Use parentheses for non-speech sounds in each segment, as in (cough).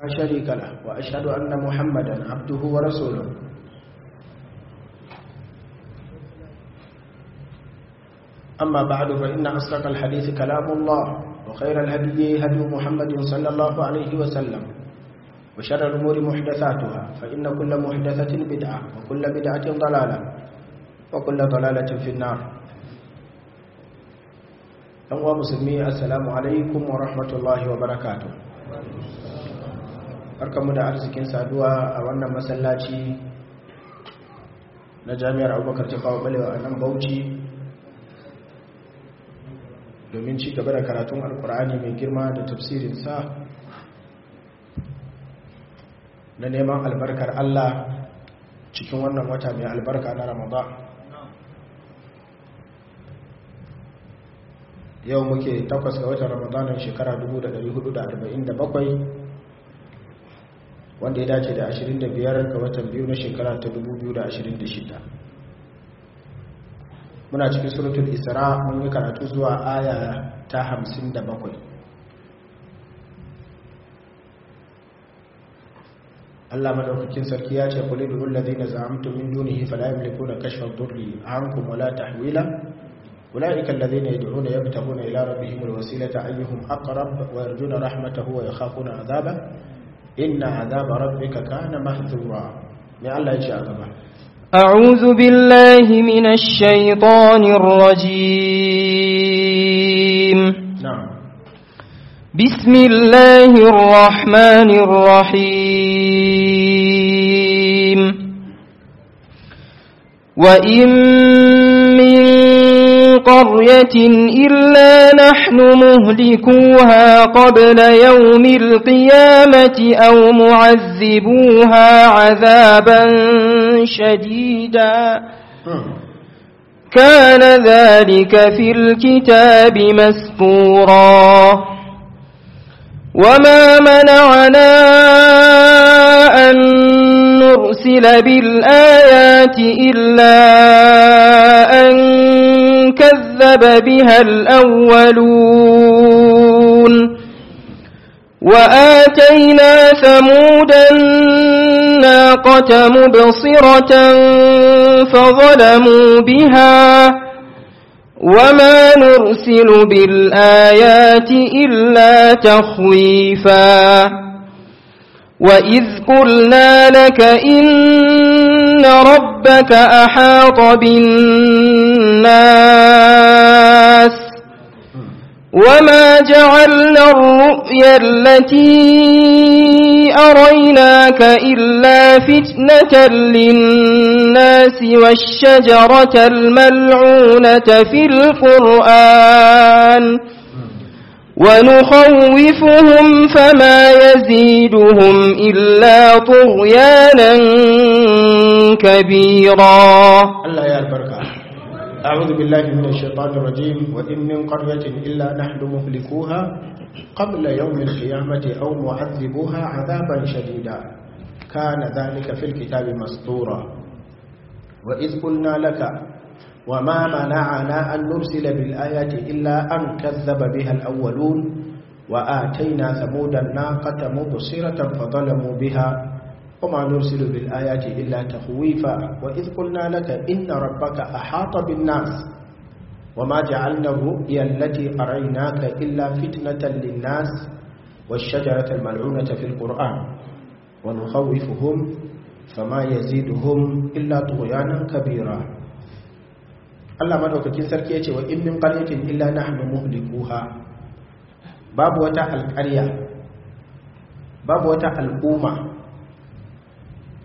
لا شريك له وأشهد أن محمدا عبده ورسوله أما بعد فإن أصدق الحديث كلام الله وخير الهدي هدي محمد صلى الله عليه وسلم وشر الأمور محدثاتها فإن كل محدثة بدعة وكل بدعة ضلالة وكل ضلالة في النار أنواع مسلمي السلام عليكم ورحمة الله وبركاته barkanmu da arzikin saduwa a wannan masallaci na jami'ar abubakar ta kawo balewa a nan bauchi domin ci gaba da karatun alkur'ani mai girma da tafsirinsa na neman albarkar allah cikin wannan wata mai albarka na ramadan yau muke takwas ga watan ramadanin shekara 1447 wanda ya dace da 25 ga watan biyu na shekara ta 2026 muna cikin suratul isra mun yi karatu zuwa aya ta 57 Allah madaukakin sarki ya ce kulil lil ladina za'amtum min dunihi fala yamlikuna kashfa ad-durri ankum wala tahwila أولئك الذين يدعون يبتغون إلى ربهم الوسيلة أيهم أقرب ويرجون رحمته ويخافون عذابه إن عذاب ربك كان محذورا يشاء الله أعوذ بالله من الشيطان الرجيم نعم بسم الله الرحمن الرحيم وإن من قرية إلا نحن مهلكوها قبل يوم القيامة أو معذبوها عذابا شديدا كان ذلك في الكتاب مسكورا وما منعنا أن نرسل بالآيات إلا أن كذب بها الأولون وآتينا ثمود الناقة مبصرة فظلموا بها وما نرسل بالآيات إلا تخويفا وإذ قلنا لك إن إن ربك أحاط بالناس وما جعلنا الرؤيا التي أريناك إلا فتنة للناس والشجرة الملعونة في القرآن ونخوفهم فما يزيدهم إلا طغيانا كبيرا الله يا البركة أعوذ بالله من الشيطان الرجيم وإن من قرية إلا نحن مهلكوها قبل يوم القيامة أو معذبوها عذابا شديدا كان ذلك في الكتاب مسطورا وإذ قلنا لك وما منعنا أن نرسل بالآيات إلا أن كذب بها الأولون وآتينا ثمود الناقة مبصرة فظلموا بها وما نرسل بالآيات إلا تخويفا وإذ قلنا لك إن ربك أحاط بالناس وما جعلنا الرؤيا التي أريناك إلا فتنة للناس والشجرة الملعونة في القرآن ونخوفهم فما يزيدهم إلا طغيانا كبيرا Allah madaukakin sarki ce wa in min qaryatin illa nahnu muhlikuha babu wata alƙarya babu wata al'umma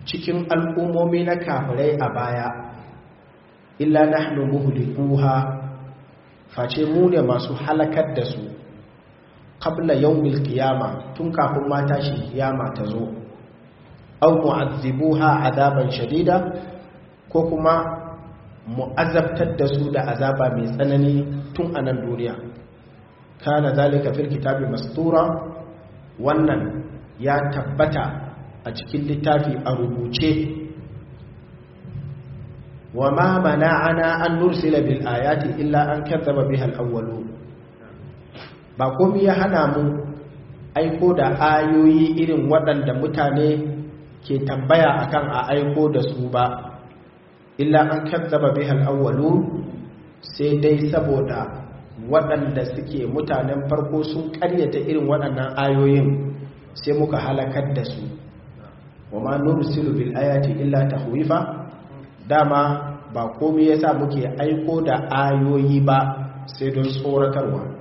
cikin al'ummomi na kafirai a baya illa nahnu muhlikuha face mu ne masu halakar da su qabla yawmil qiyama tun kafin ma tashi kiyama ta zo aw mu'azzibuha adaban shadida ko kuma mu azabtar da su da azaba mai tsanani tun a nan duniya kana zalika fil kitabi mastura wannan ya tabbata a cikin littafi a rubuce wa ma mana'ana an nursila bil ayati illa an kadzaba biha al ba komai ya hana mu aiko da ayoyi irin waɗanda mutane ke tambaya akan a aiko da su ba illa an kazzaba bihal awwalu sai dai saboda waɗanda suke mutanen farko sun ƙaryata irin waɗannan ayoyin sai muka halakar da su wa ma nursilu bil ayati illa tahwifa dama ba komai yasa muke aiko da ayoyi ba sai don tsoratarwa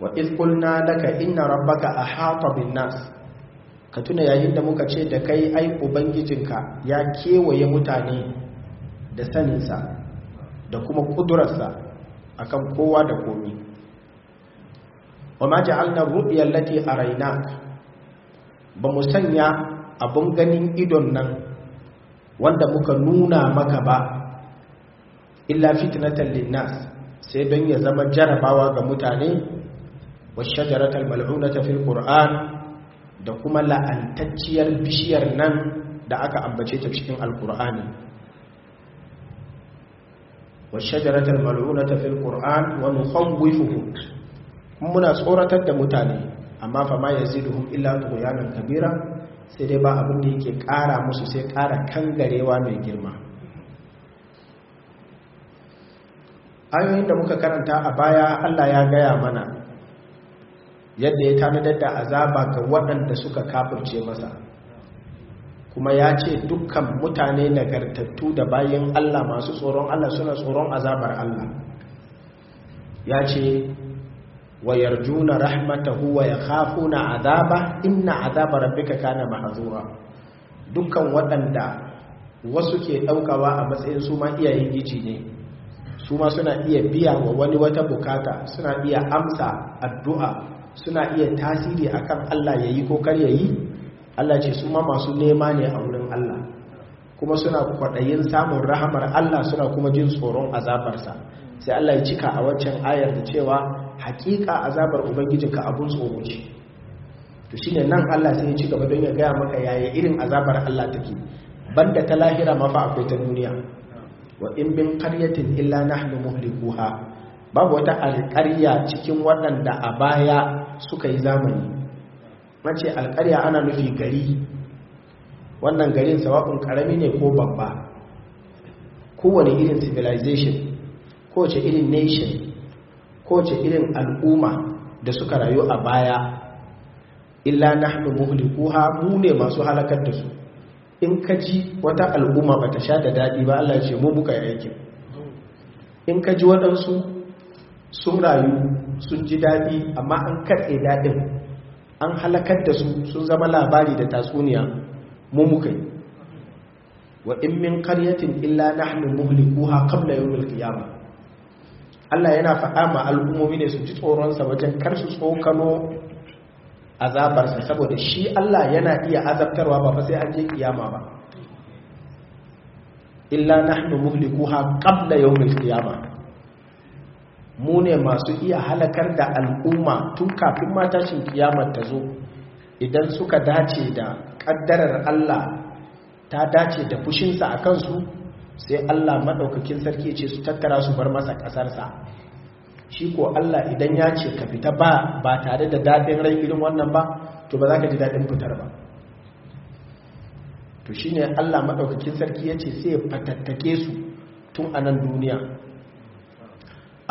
wa iz qulna laka inna rabbaka ahata bin nas ka tuna yayin da muka ce da kai ai ubangijinka ya kewaye mutane da saninsa da kuma ƙudurarsa a kan kowa da komi wa ma alna ru'yar lati a raina ba mu sanya abin ganin idon nan wanda muka nuna maka ba illa fitnatan linnas sai don ya zama jarabawa ga mutane wa mal'una ta fi qur'an da kuma la'antacciyar bishiyar nan da aka ambace ta cikin alkur'ani والشجرة الملعونة في القرآن ونخوفهم muna tsoratar da mutane amma fa ma yaziduhum illa tughyanan kabira sai dai ba abin da yake ƙara musu sai ƙara kangarewa mai girma ayoyin da muka karanta a baya Allah ya gaya mana yadda ya tanadar da azaba ga waɗanda suka kafirce masa kuma ya ce dukkan mutane nagartattu da bayan Allah masu tsoron Allah suna tsoron azabar Allah ya ce wa yarjuna rahmatahu wa na azaba inna azabar rabbika kana mahzura dukkan waɗanda wasu ke ɗaukawa a matsayin su ma iyayen giji ne su ma suna iya biya wa wani wata bukata suna iya amsa addu'a suna iya tasiri akan Allah ya yi ko kar yi. Allah ce su ma masu nema ne a wurin Allah kuma suna kwaɗayin samun rahamar Allah suna kuma jin tsoron azabarsa sai Allah ya cika a waccan ayar da cewa haƙiƙa azabar ubangijin ka abun tsoro ce to shine nan Allah sai ya ci gaba don ya gaya maka yaya irin azabar Allah take banda ta lahira mafa akwai ta duniya wa in bin qaryatin illa nahnu muhlikuha babu wata alƙarya cikin waɗanda a baya suka yi zamani mace alƙarya ana nufi gari wannan garin sawa'un ƙarami ne ko babba kowane irin civilization kowace irin nation kowace irin al'umma da suka rayu a baya illa na nahnu muhlikuha mu ne masu halakar da su in ka ji wata al'umma ba ta sha da daɗi ba Allah ce mu muka yi in ka ji waɗansu sun rayu sun ji daɗi amma an katse daɗin an halakar da su sun zama labari da tatsuniya mu muka yi wa in min qaryatin illa nahnu muhlikuha qabla yawm al-qiyamah Allah yana faɗa ma al'ummomi ne su ji tsoron sa wajen kar su tsokano azabar sa saboda shi Allah yana iya azabtarwa ba fa sai an je kiyama ba illa nahnu muhlikuha qabla yawm al-qiyamah mu ne masu iya halakar da al'umma tun kafin matashin kiyamar ta zo idan suka dace da ƙaddarar Allah ta dace da fushinsa a kansu sai Allah maɗaukakin sarki ce su tattara su bar masa ƙasarsa shi ko Allah idan ya ce ka fita ba ba tare da daɗin rai irin wannan ba to ba za ka ji daɗin fitar ba to shi ne Allah maɗaukakin sarki ya ce sai ya fatattake su tun anan duniya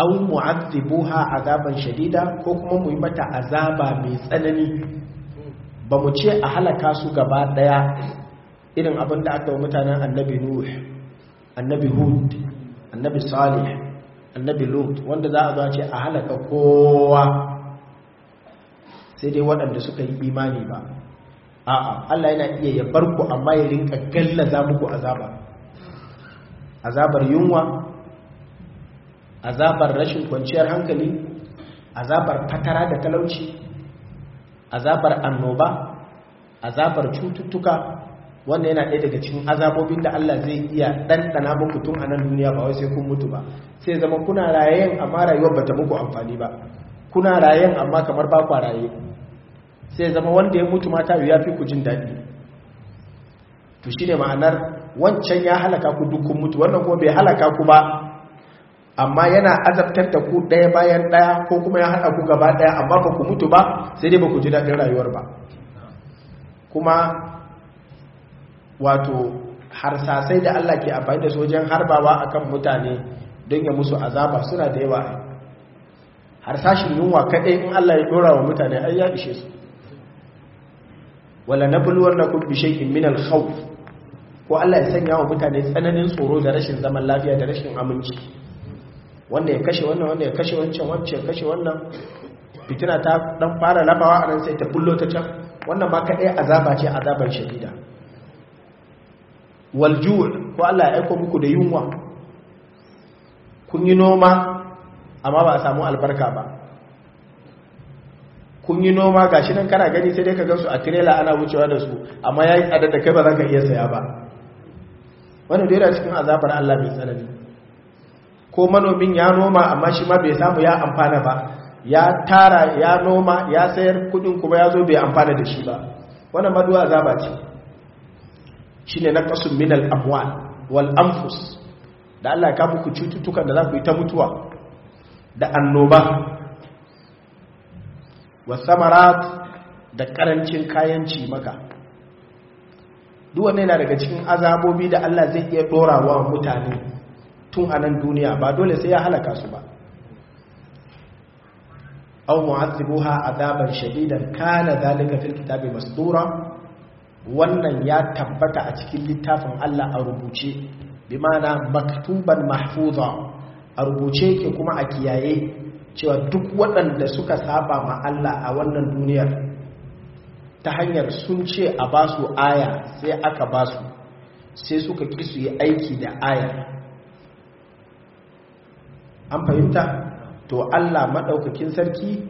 an mu'azzibuha azaban shadida ko kuma mu yi mata azaba mai tsanani ba mu ce a halaka su gaba daya irin abin da aka yi mutanen annabi nuh annabi hud annabi salih annabi lut wanda za a zo ce a halaka kowa sai dai waɗanda suka yi imani ba a'a Allah yana iya ya barku ku amma ya rinka gallaza muku azaba azabar yunwa azabar rashin kwanciyar hankali azabar fatara da talauci azabar annoba azabar cututtuka wanda yana ɗaya daga cikin azabobin da Allah zai iya ɗanɗana muku tun a nan duniya ba wai sai kun mutu ba sai zama kuna rayayen amma rayuwar bata muku amfani ba kuna raye amma kamar ba kwa raye sai zama wanda ya mutu mata ya fi ku jin daɗi to shi ne ma'anar wancan ya halaka ku dukkan mutu wannan kuma bai halaka ku ba amma yana azabtar da ku ɗaya bayan ɗaya ko kuma ya haɗa ku gaba ɗaya amma ba ku mutu ba sai dai ba ku ji daɗin rayuwar ba kuma wato harsasai da Allah ke amfani da sojan harbawa akan mutane don ya musu azaba suna da yawa harsashin yunwa kaɗai in Allah ya ɗora wa mutane ai ya ishe su wala nabluwar na kun bishe minal khawf ko Allah ya sanya wa mutane tsananin tsoro da rashin zaman lafiya da rashin aminci wanda ya kashe wannan wanda ya kashe wancan wancan ya kashe wannan fitina ta dan fara labawa a nan sai ta kullo ta can wannan ma kaɗai azaba ce azaban shahida waljur ko Allah ya aiko muku da yunwa kun yi noma amma ba a samu albarka ba kun yi noma ga shi nan kana gani sai dai ka gansu a tirela ana wucewa da su amma ya yi tsada da kai ba za ka iya saya ba wannan da yana cikin azabar Allah mai tsanani ko manomin ya noma amma shi ma bai samu ya amfana ba ya tara ya noma ya sayar kudin kuma ya zo bai amfana da shi ba wannan maduwa azaba ce Shi ne na kasu min amwal da Allah ya kafa cututtukan da za ku yi ta mutuwa da annoba wasamarat da karancin kayan cimaka Duwane na daga cikin azabobi da Allah zai iya dora wa mutane tun a nan duniya ba dole sai ya halaka su ba aw mu'adhibuha azaban shadidan kana dhalika fil kitabi masdura wannan ya tabbata a cikin littafin Allah a rubuce bi ma'ana maktuban mahfuza a rubuce ke kuma a kiyaye cewa duk waɗanda suka saba ma Allah a wannan duniyar ta hanyar sun ce a basu aya sai aka basu sai suka ƙi su yi aiki da ayar an fahimta to Allah maɗaukakin sarki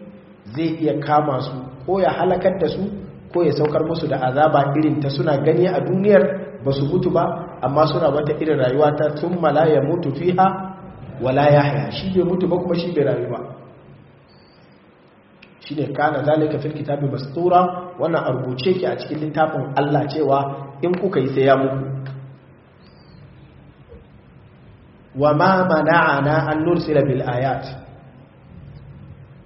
zai iya kama su ko ya halakar da su ko ya saukar musu da azaba irin ta suna gani a duniyar ba su mutu ba amma suna wata irin rayuwa ta sun malaya ya mutu fiha wala ya haya shi bai mutu ba kuma shi bai rayu ba shi ne kana zalika fil kitabi mastura wannan a rubuce ki a cikin littafin Allah cewa in kuka yi sai ya muku wa ma mana'ana an nursila bil ayat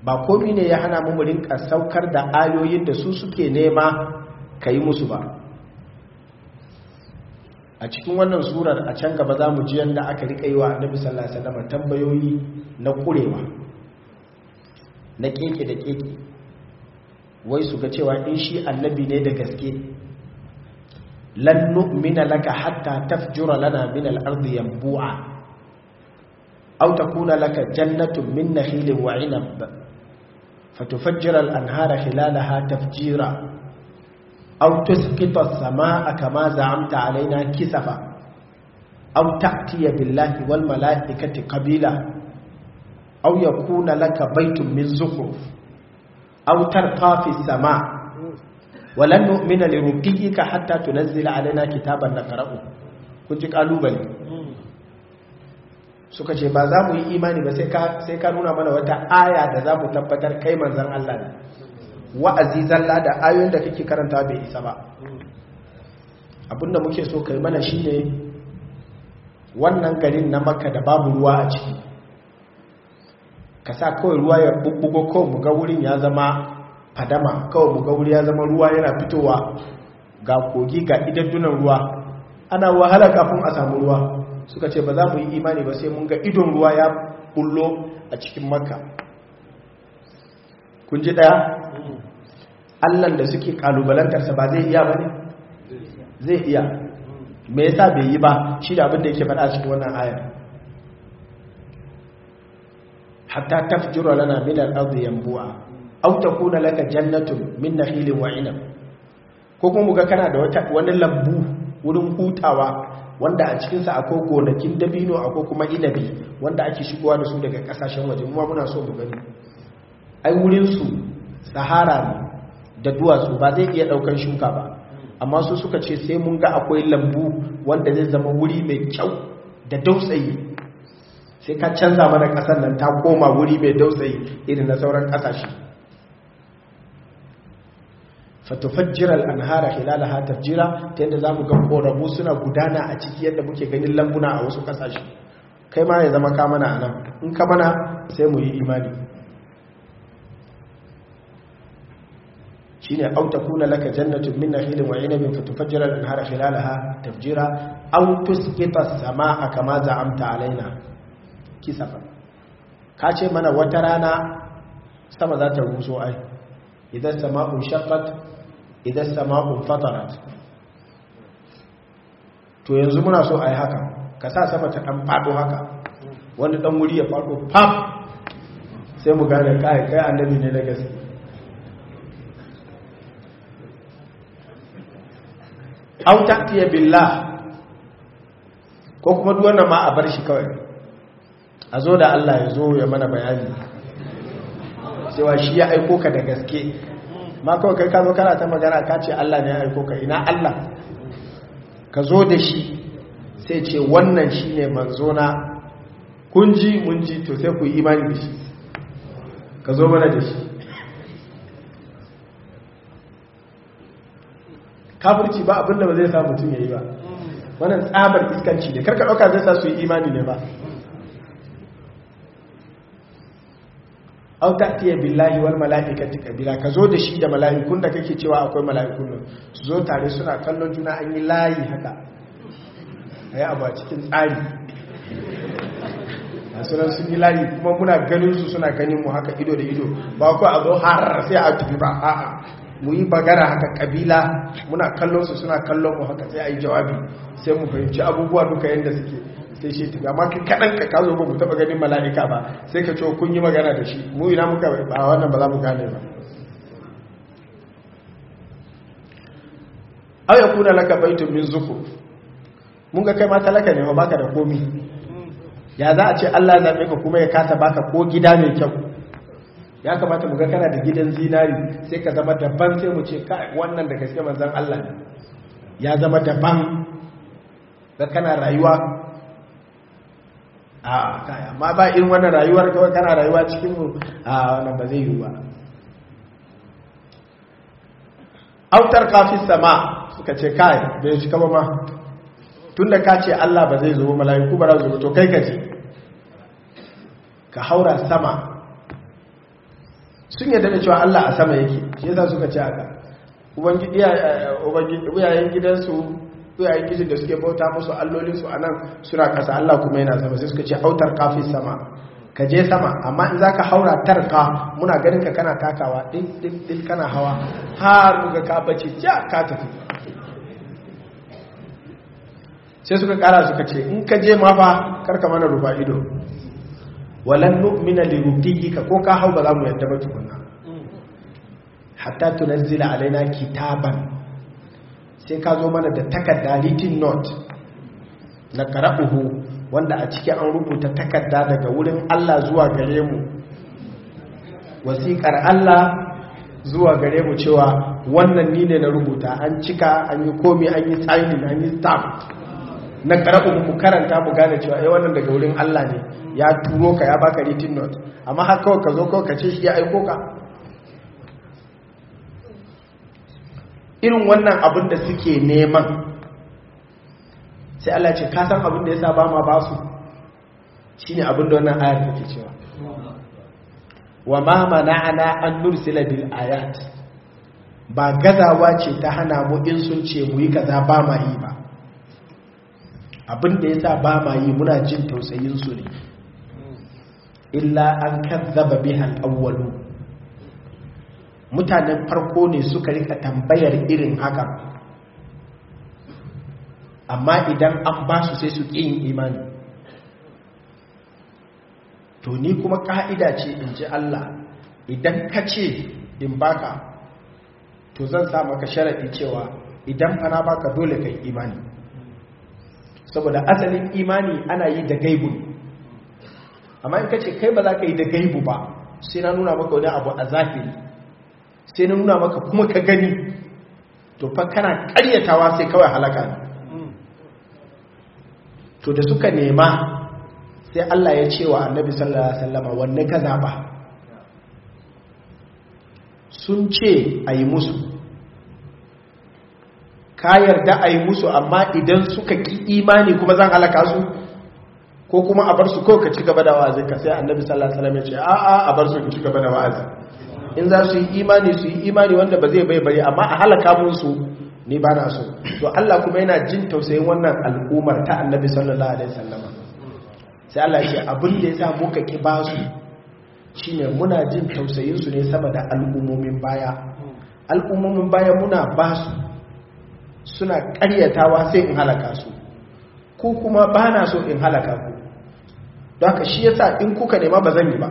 ba komi ne ya hana mu rinka saukar da ayoyin da su suke nema kai musu ba a cikin wannan surar a can gaba za mu ji yadda aka rika yi wa annabi sallallahu alaihi wasallam tambayoyi na kurewa na keke da keke wai su ga cewa in shi annabi ne da gaske lan nu'mina laka hatta tafjura lana min al-ardi أو تكون لك جنة من نخيل وعنب فتفجر الأنهار خلالها تفجيرا أو تسقط السماء كما زعمت علينا كسفا أو تأتي بالله والملائكة قبيلا أو يكون لك بيت من زخرف أو ترقى في السماء ولن نؤمن لرقيك حتى تنزل علينا كتابا نقرأه كنت قالوا بلي suka ce ba za mu yi imani ba sai ka nuna mana wata aya da za mu tabbatar kai manzan Allah ne wa'azi zalla da ayoyin da kake karanta bai isa ba abinda muke so kai mana shine wannan garin na maka da babu ruwa a ciki ka sa kawai ruwa ya bubbugo kawai mu ga wurin ya zama fadama kawai mu ga wuri ya zama ruwa yana fitowa ga kogi ga idaddunan ruwa ana wahala kafin a samu ruwa suka ce ba za mu yi imani ba sai mun ga idon ruwa ya kullo a cikin maka. kun ji daya allan da suke kalubalantarsa ba zai iya ba ne zai iya me yasa bai yi ba shi da abin yake fada cikin wannan ayar hatta tafjura lana min al-ardi yanbu'a aw takuna laka jannatun min nakhilin wa inab ko kuma muga kana da wata wani lambu wurin hutawa wanda a cikinsa akwai gonakin dabino akwai kuma inabi wanda ake shigowa da su daga kasashen waje kuma muna so mu gani ai wurinsu sahara ne da duwatsu ba zai iya ɗaukar shuka ba amma su suka ce sai mun ga akwai lambu wanda zai zama wuri mai kyau da dausayi sai ka canza mana ƙasar nan ta koma wuri mai dausayi irin na sauran ƙasashe fatufajjiral anhara hilalaha tafjira ta yadda zamu ga korabu suna gudana a ciki yadda muke ganin lambuna a wasu kasashe kai ma ya zama ka mana anan in ka mana sai mu yi imani shine aw takuna laka jannatun min nakhilin wa 'inabin fatufajjiral anhara hilalaha tafjira aw tusqita samaaa kama za'amta alaina kisafa ka ce mana wata rana sama za ta ruso ai idan sama'un shaqqat idan sama'un fatara to yanzu muna so a yi haka ka sa sama ta ɗan faɗo haka wani ɗan wuri ya faɗo faf. sai mu gane kai kai annabi ne na gaske au ya billa ko kuma duwanda ma a bar shi kawai a zo da Allah ya zo ya mana bayani cewa shi ya aiko ka da gaske ma kawai kai ka zo kana ta magana ka ce Allah ne ya aiko ka ina Allah ka zo da shi sai ce wannan shi ne manzona kun ji mun ji to sai ku yi imani da shi ka zo mana da shi kafirci ba abinda ba zai sa mutum ya yi ba wannan tsabar iskanci ne karka ɗauka zai sa su yi imani ne ba aw ta'tiya billahi wal malaikati kabila ka zo da shi da mala'ikun da kake cewa akwai mala'ikun nan su zo tare suna kallon juna an yi layi haka ayi abu cikin tsari sunan sun yi layi kuma muna ganin su suna ganin mu haka ido da ido ba ku a zo har sai a tafi ba a'a mu yi bagara haka kabila muna kallon su suna kallon mu haka sai a yi jawabi sai mu fahimci abubuwa duka yadda suke sai shi tuga ka kaɗan ka kazo ba mu taba ganin mala'ika ba sai ka ce oh, kun yi magana da shi mu ina muka ba wannan ba za mu gane ba aw yakuna laka baitun min zuku mun ga kai ma talaka ne ba baka da komi ya za a ce Allah zaɓe ka kuma ya kasa baka ko gida mai kyau ya kamata mu ga kana da gidan zinari sai ka zama daban sai mu ce wannan da gaske manzon Allah ya zama daban da kana rayuwa a amma ba irin wannan rayuwar kawai kana rayuwa cikin mu a wannan ba zai yi ba autar kafin sama suka ce kai da ya cika ma ma tunda ka ce Allah ba zai zo mala'iku ba za su to kai ka ce ka haura sama sun yadda da cewa Allah a sama yake shi yasa suka ce haka ubangiji eh, eh, iyayen gidansu tsoyayen kishin da suke bauta musu allolinsu a nan suna kasa Allah kuma yana sama sai suka ce autar kafin sama ka je sama amma in zaka ka haura tarka muna ganin ka kana takawa ɗin kana hawa har ga ka bace ja ka tafi sai suka kara suka ce in ka je ma fa karka mana rufa ido walan nu'mina li rubbika ko ka hau ba za mu yadda ba tukunna mm. hatta tunzila alaina kitaban sai ka zo mana da takarda written note na qara'uhu wanda a ciki an rubuta takarda daga wurin Allah zuwa gare mu wasiƙar Allah zuwa gare mu cewa wannan ni ne na rubuta an cika an yi komi an yi signing an yi stamp na karabu mu karanta mu gane cewa ai eh, wannan daga wurin Allah ne ya turo ka ya baka written not. amma har kawai ka zo kawai ka ce shi ya aiko ka irin wannan abin da suke neman sai Allah ce ka san abin da ya sa ba ma ba su shine abin da wannan ayar take cewa wa ma mana'ana an nursila bil ayat ba gazawa ce ta hana mu in sun ce mu yi kaza ba ma yi ba abin da yasa ba ma yi muna jin tausayin su ne illa an kazzaba bihal awwalun mutanen farko ne suka rika tambayar irin haka amma idan an ba su sai su ƙin imani to ni kuma ka'ida ce in ji Allah idan ka ce in baka to zan sa maka sharaɗi cewa idan fana baka dole kai imani saboda asalin imani ana yi da gaibu amma in ka ce kai ba za ka yi da gaibu ba sai na nuna maka wani abu a zafiri sai na nuna maka kuma ka gani to fa kana karyatawa sai kawai halaka ne to da suka nema sai Allah ya ce wa annabi sallallahu alaihi wasallama wanne ka zaba sun ce a yi musu ka yarda a yi musu amma idan suka ki imani kuma zan halaka su ko kuma a bar su ko ka ci gaba da Ka sai annabi sallallahu alaihi wasallam ya ce a'a a bar su ki ci gaba da wa'azi in za su yi imani su yi imani wanda ba zai baibaye amma a halaka musu ni ba na so to Allah kuma yana jin tausayin wannan al'ummar ta annabi sallallahu alaihi wasallam sai Allah ya ce abin da yasa muka ki ba su shine muna jin tausayin su ne sama da al'ummomin baya al'ummomin baya muna ba su suna ƙaryatawa sai in halaka su ko kuma ba na so in halaka ku don haka shi yasa in kuka nema ba zan yi ba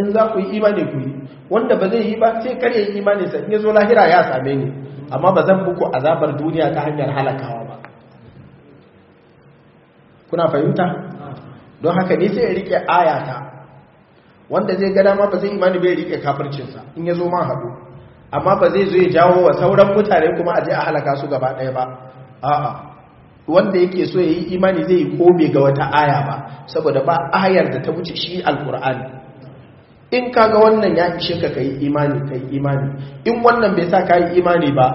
in za ku yi imani ku yi wanda ba zai yi ba sai kare yi imani sai yazo lahira ya same ni amma ba zan muku azabar duniya ta hanyar halakawa ba kuna fahimta don haka ne sai rike ayata wanda zai gada ma ba zai imani bai rike kafircin sa in yazo ma haɗu. amma ba zai zo ya jawo wa sauran mutane kuma a je a halaka su gaba ɗaya ba a'a wanda yake so ya yi imani zai yi kome ga wata aya ba saboda ba ayar da ta wuce shi alkur'ani in kaga wannan ya ishe ka kai imani kai imani in wannan bai sa kai imani ba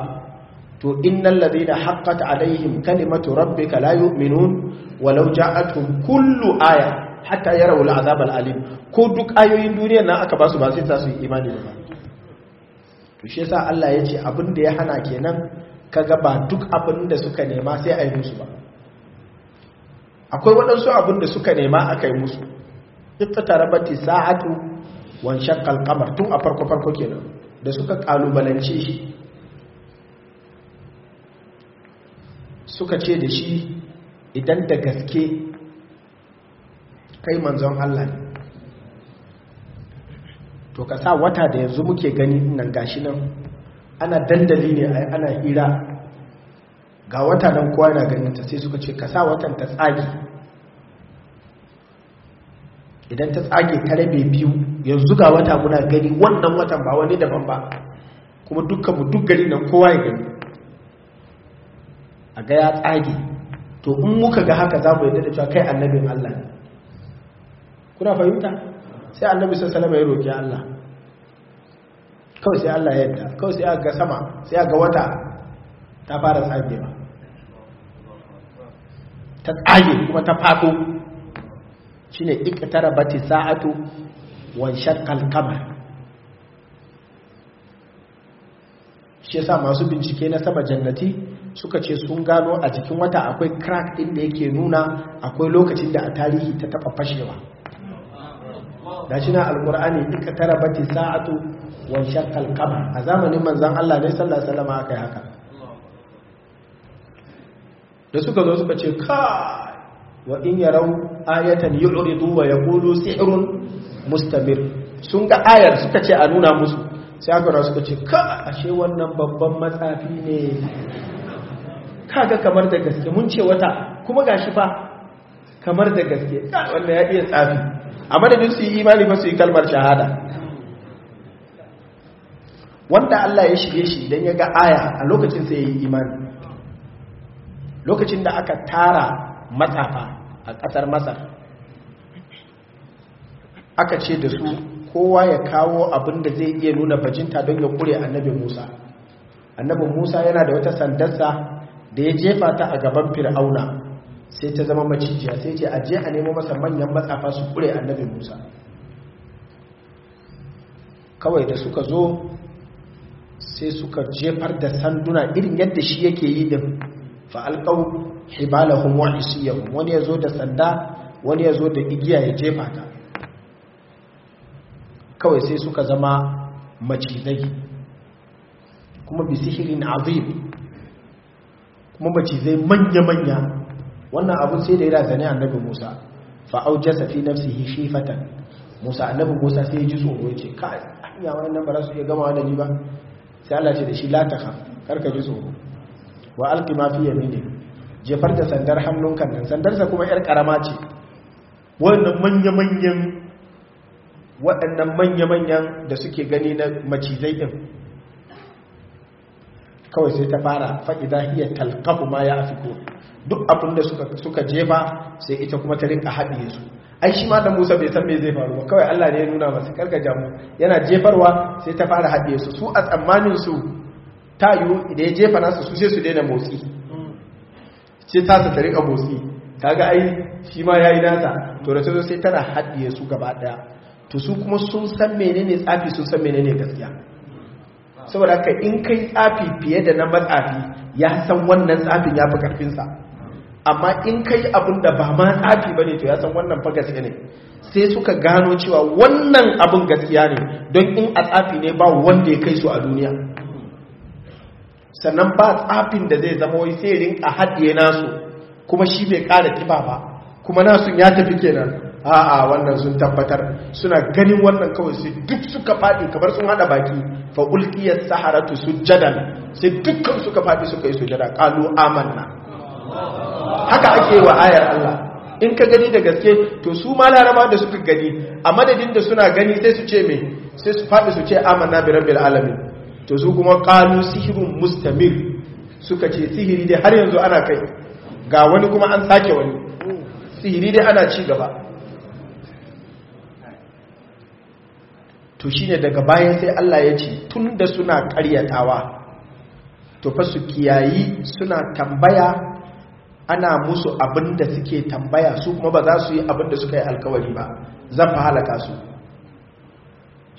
to innal ladina haqqat alaihim kalimatu rabbika la yu'minun walau ja'atuhum kullu aya hatta yarawu al'azab al'alim ko duk ayoyin duniya nan aka ba su ba sai ta su imani ba to shi yasa Allah ya ce abinda ya hana kenan kaga ba duk abinda suka nema sai ayi musu ba akwai waɗansu abin da suka nema aka yi musu iqtarabat sa'atu wanshan kalkamar tun a farko-farko kenan da suka kalubalance shi suka ce da shi idan da gaske kai manzon Allah ne to ka sa wata da yanzu muke gani nan gashi nan ana dandali ne ana hira ga wata nan kowa na ganin ta sai suka ce ka sa watan ta tsagi idan ta tsage ta rabe biyu yanzu ga wata muna gani wannan watan ba wani daban ba kuma dukkan mu duk gari nan kowa ya gani a ga ya tsage to in muka ga haka za mu yadda da cewa kai annabin Allah kuna fahimta sai annabi sun salama ya roƙi Allah kawai sai Allah ya yadda kawai sai aka ga sama sai aka ga wata ta fara tsagewa ta tsage kuma ta fato shine bati sa'atu wan shaqqal qamar shi yasa masu bincike na saba jannati suka ce sun gano a jikin wata akwai crack din da yake nuna akwai lokacin da a tarihi ta taba fashewa da shi na alkur'ani duka tara bati sa'atu wan shakkal qamar a zamanin manzon Allah ne sallallahu alaihi wasallam aka yi haka da suka zo suka ce ka wa in yarau ayatan yu'ridu wa yaqulu sihrun mustamir sun ga ayar suka ce a nuna musu sai aka rasu suka ce ka ashe wannan babban matsafi ne kaga kamar da gaske mun ce wata kuma gashi fa kamar da gaske wanda ya iya tsafi a madadin su yi imani ba su yi kalmar shahada wanda Allah ya shirye shi don ya ga aya a lokacin sai ya yi imani lokacin da aka tara matsafa a ƙasar masar aka ce da su kowa ya kawo abin da zai iya nuna bajinta don ya kure annabi musa annabi musa yana da wata sandarsa da ya jefa ta a gaban fir'auna sai ta zama macijiya sai ce aje a nemo masa manyan matsafa su kure annabi musa kawai da suka zo sai suka jefar da sanduna irin yadda shi yake yi din fa'alƙau hibalahum wa isiyahum wani yazo da sanda wani yazo da igiya ya jefa ta kawai sai suka zama macizai kuma bi sihirin azim kuma macizai manya-manya wannan abun sai da ya zane annabi musa fa aujasa fi nafsihi shifatan musa annabi musa sai ya ji tsoro ya ce kai ya wannan ba bara su ya gama da ni ba sai Allah ce da shi la takhaf karka ji tsoro wa alqima ma fi yaminik jefar da sandar hannun kannan, sandarsa kuma yar karama ce wannan manya-manyan waɗannan manya-manyan da suke gani na macizai ɗin kawai sai ta fara fa'ida iya talka ma ya ko duk abin da suka jefa sai ita kuma ta rinka haɗiye su ai shi ma da Musa bai san mai zai faru ba kawai Allah ne ya nuna masu karkaja mu yana jefarwa sai ta fara haɗe su su a tsammanin su ta yiwu idan ya jefa nasu su sai su daina motsi sai ta ta rika motsi kaga ai shi ma yayi nata to da sai tana haɗiye su gaba ɗaya, to su kuma sun san menene tsafi sun san menene gaskiya saboda haka in kai tsafi fiye da na matsafi ya san wannan tsafin ya fi karfinsa amma in kai abin da ba ma tsafi ba ne to ya san wannan fa gaskiya ne sai suka gano cewa wannan abin gaskiya ne don in a tsafi ne ba wanda ya kai su a duniya sannan ba tsafin da zai zama wai sai rinka haɗiye nasu kuma shi bai ƙara ƙiba ba kuma nasu ya tafi kenan a'a wannan sun tabbatar suna ganin wannan kawai sai duk suka faɗi kamar sun haɗa baki fa ulkiyar saharatu jadal sai dukkan suka faɗi suka yi sujjada qalu amanna haka ake wa ayar Allah in ka gani da gaske to su ma laraba da suka gani a madadin da suna gani sai su ce me sai su faɗi su ce amanna bi rabbil alamin to su kuma kalu sihirun mustamir suka ce sihiri dai har yanzu ana kai ga wani kuma an sake wani sihiri dai ana ci gaba to shine daga bayan sai Allah ya ce tun da suna karyatawa to fa su kiyayi suna tambaya ana musu abin da suke tambaya su kuma ba za su yi abin da suka yi alkawari ba zan fahalaka su su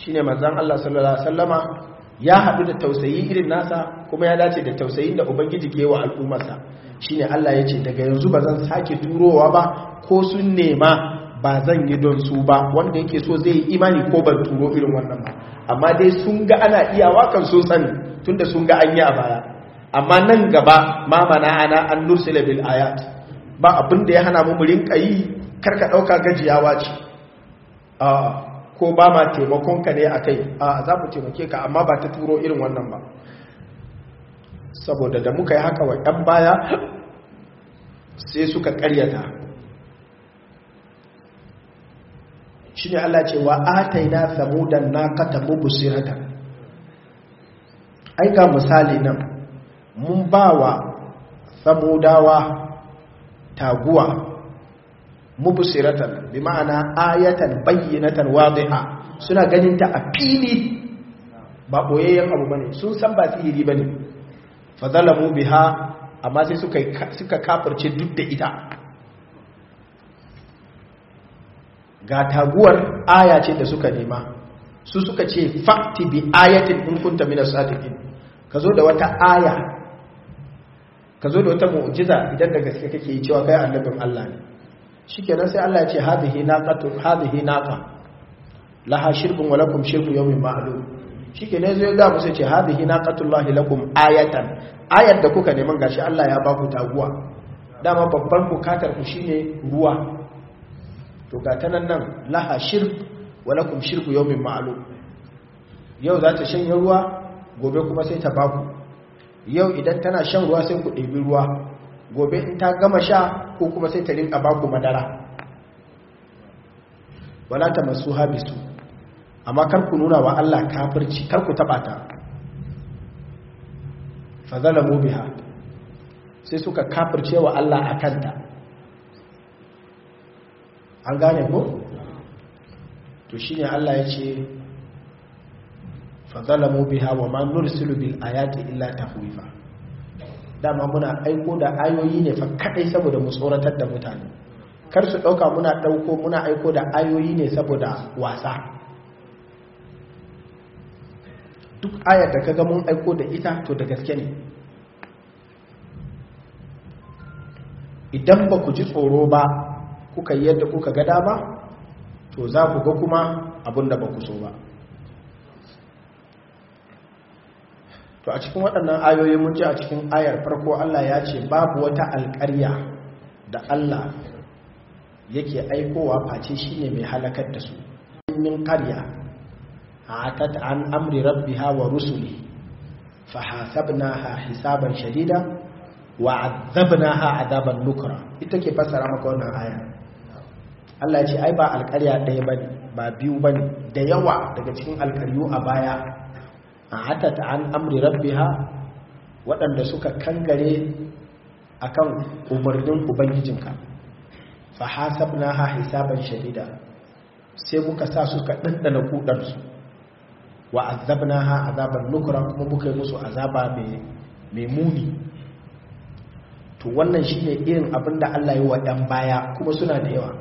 shine mazan Allah sallallahu alaihi wasallama ya haɗu da tausayi irin nasa kuma ya dace da tausayin da ubangiji ke wa al'ummarsa ne Allah ya ce daga yanzu ba zan sake turowa ba ko sun nema ba zan yi don su ba wanda yake so zai yi imani ko ban turo irin wannan ba amma dai sun ga ana iya wakan sun sani tunda sun ga an yi a baya amma nan gaba ma mana ana an nursila bil ayat ba abinda ya hana mu mu rinka yi karka ɗauka gajiyawa ce ko ba ma taimakonka ne a kai a za mu taimake ka amma ba ta turo irin wannan ba saboda da muka yi haka wa ɗan baya sai suka karyata. shi ne Allah ce wa ataina samudan na kata ai ga misali nan mun ba wa samudawa taguwa Mubusiratan bi ma'ana ayatan bayyinatan wadiha suna ganin ta a fili ba boyayyen abu bane sun san ba sihiri bane fadalamu biha amma sai suka suka kafirce duk da ita ga taguwar aya ce da suka nema su suka ce fakti bi ayatin in kunta min sadiqin ka zo da wata aya ka zo da wata mu'jiza idan da gaske kake yi cewa kai annabin Allah ne nan sai Allah ya ce hadhihi naqatu hadhihi naqa laha shirbun wa lakum shirbu yawmin ma'lum ne zai ga musu ce hadhihi naqatullahi lakum ayatan ayat da kuka neman gashi Allah ya ba ku taguwa dama babban bukatar ku shine ruwa to ga tanan nan laha shirb wa lakum shirbu yawmin ma'lum yau za ta shanye ruwa gobe kuma sai ta baku yau idan tana shan ruwa sai ku ɗebi ruwa gobe in ta gama sha ko kuma sai ta rinka baku madara wala ta masu habisu amma kar ku nuna wa Allah kafirci kar ku taba ta fa zalamu biha sai suka kafirce wa Allah akan ta an gane ko to shine Allah ya ce fa zalamu biha wa ma nursilu bil ayati illa tahwifa dama muna aiko da ayoyi ne fa kadai saboda mu tsoratar da mutane kar su dauka muna dauko muna aiko da ayoyi ne saboda wasa duk ayar da kaga mun aiko da ita to da gaske ne idan ba ku ji tsoro ba kuka yi yadda kuka ga dama to za ku ga kuma abinda ba ku so ba to a cikin waɗannan ayoyi mun ji a cikin ayar farko Allah ya ce babu wata alƙarya da Allah yake aikowa face shine mai halakar da su min ƙarya atat an amri rabbiha wa rusuli fahasabnaha hisaban shadida wa azabnaha azaban nukra ita ke fassara maka wannan aya Allah ya ce ai ba alƙarya ɗaya ba biyu bane da yawa daga cikin alƙaryu a baya a an amri rabbiha waɗanda suka kangare akan umarnin ubangijinka fa hasabnaha hisaban shadida sai muka sa suka ɗanɗana kuɗarsu wa azabnaha azaban nukra kuma muka yi musu azaba mai muni to wannan shine irin abin da Allah yi wa ɗan baya kuma suna da yawa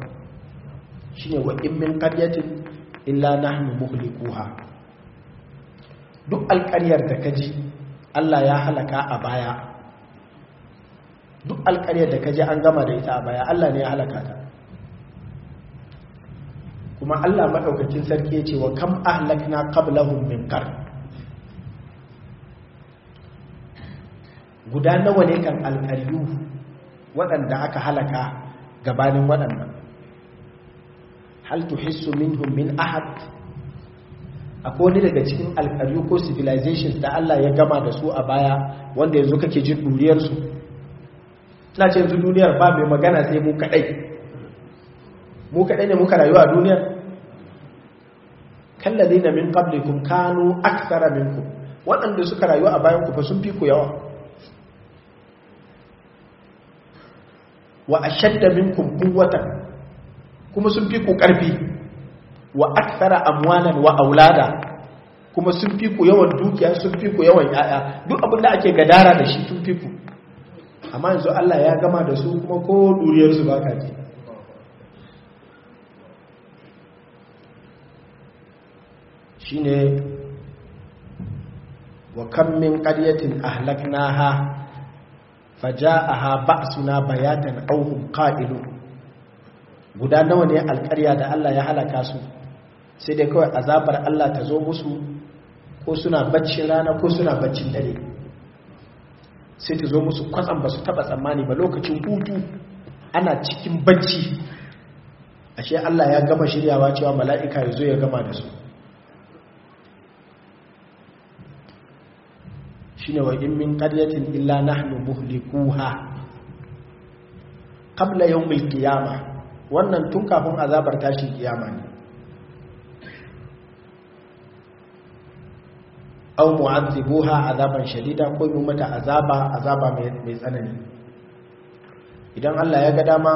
shine wa in min qaryatin illa nahnu muhlikuha duk alƙaryar da ka ji Allah ya halaka a baya duk alƙaryar da ka ji an gama da ita a baya Allah ne ya halaka ta kuma Allah maɗaukakin sarki ya ce wa kam ahlakna qablahum min qarn guda nawa ne kan alƙaryu waɗanda aka halaka gabanin waɗannan hal tuhissu minhum min ahad akwai wani daga cikin alƙaryu ko civilizations da Allah ya gama da su a baya wanda yanzu kake jin su? na ce yanzu duniyar ba mai magana sai mu kaɗai mu kaɗai ne muka rayuwa a duniyar kallazi na min qablikum kanu aksara minkum waɗanda suka rayu a bayan ku fa sun fi ku yawa wa ashadda minkum quwwatan kuma sun fi ku ƙarfi wa akthara amwalan wa aulada kuma sun fi ku yawan dukiya sun fi ku yawan yaya duk abin da ake gadara da shi sun fi ku amma yanzu Allah ya gama da su kuma ko duriyar su baka ji shine wa kam min qaryatin ahlaknaha faja'aha ba'suna bayatan aw hum qa'ilun guda nawa ne alƙarya da Allah ya halaka su sai dai kawai azabar Allah ta zo musu ko suna baccin rana ko suna baccin dare sai ta zo musu kwatsan ba su taba tsammani ba lokacin hutu ana cikin bacci ashe Allah ya gama shiryawa cewa mala'ika ya zo ya gama da su shine ne in min ƙaryatin illa nahnu muhlikuha qabla yau mai qiyamah wannan tun kafin azabar tashi kiyama ne aw mu'adhibuha azaban shadida ko mu mata azaba azaba mai tsanani idan Allah ya ga dama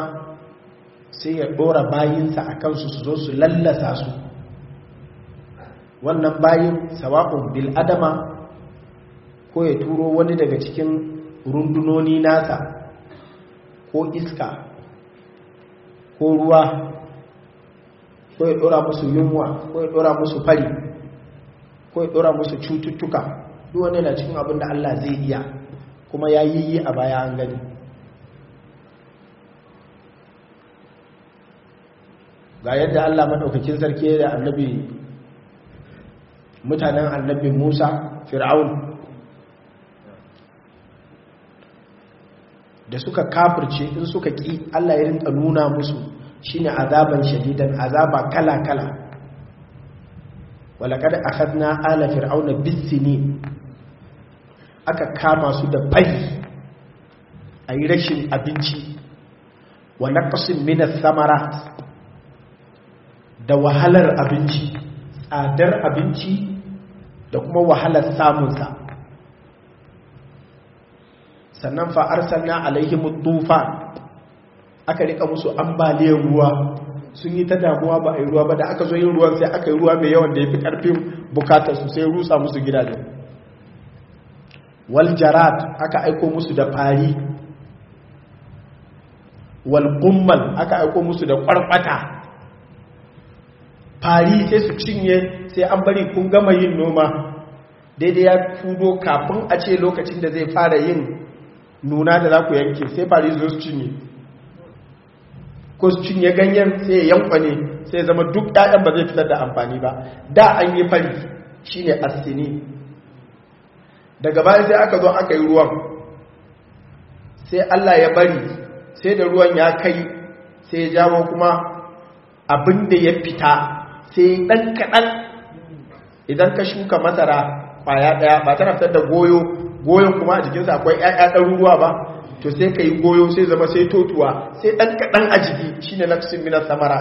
sai ya dora bayinsa akan su su zo su lallasa su wannan bayin sawa'un bil adama ko ya turo wani daga cikin rundunoni nasa ko iska ko ruwa ko ya dora musu yunwa ko ya dora musu fari ko ya dora musu cututtuka duk wani na cikin abin da Allah zai iya kuma ya yi yi a baya an gani ga yadda Allah maɗaukakin sarki da annabi mutanen annabi Musa Fir'aun da suka kafirce in suka ƙi Allah ya rinka nuna musu shine azaban shadidan azaba kala-kala walakada akhadna ala fir'auna bisini aka kama su da bai ayi rashin abinci wa naqsin min ath-thamarat da wahalar abinci tsadar abinci da kuma wahalar samunsa sannan fa arsalna alaihim tufa aka rika musu ambaliyar ruwa sun yi ta damuwa ba a yi ruwa ba da aka zo yin ruwan sai aka yi ruwa mai yawan da ya fi ƙarfin bukatarsu sai rusa musu gidajen wal jarat aka aiko musu da fari wal aka aiko musu da ƙwarƙwata fari sai su cinye sai an bari kun gama yin noma daidai ya fudo kafin a ce lokacin da zai fara yin nuna da za ku yanke sai fari zo su cinye ko cinye ganyen sai ya ne sai ya zama duk ɗaɗan ba zai fitar da amfani ba da an yi fari shine asini daga baya sai aka zo aka yi ruwan sai Allah ya bari sai da ruwan ya kai sai ya jawo kuma abin da ya fita sai ɗan kaɗan idan ka shuka masara kwaya ɗaya ba tana fitar da goyo goyon kuma a jikinsa akwai ‘ya'ya ruwa ba to sai ka yi goyo sai zama sai totuwa sai ɗan kaɗan a jiki shi ne nafsin minar samara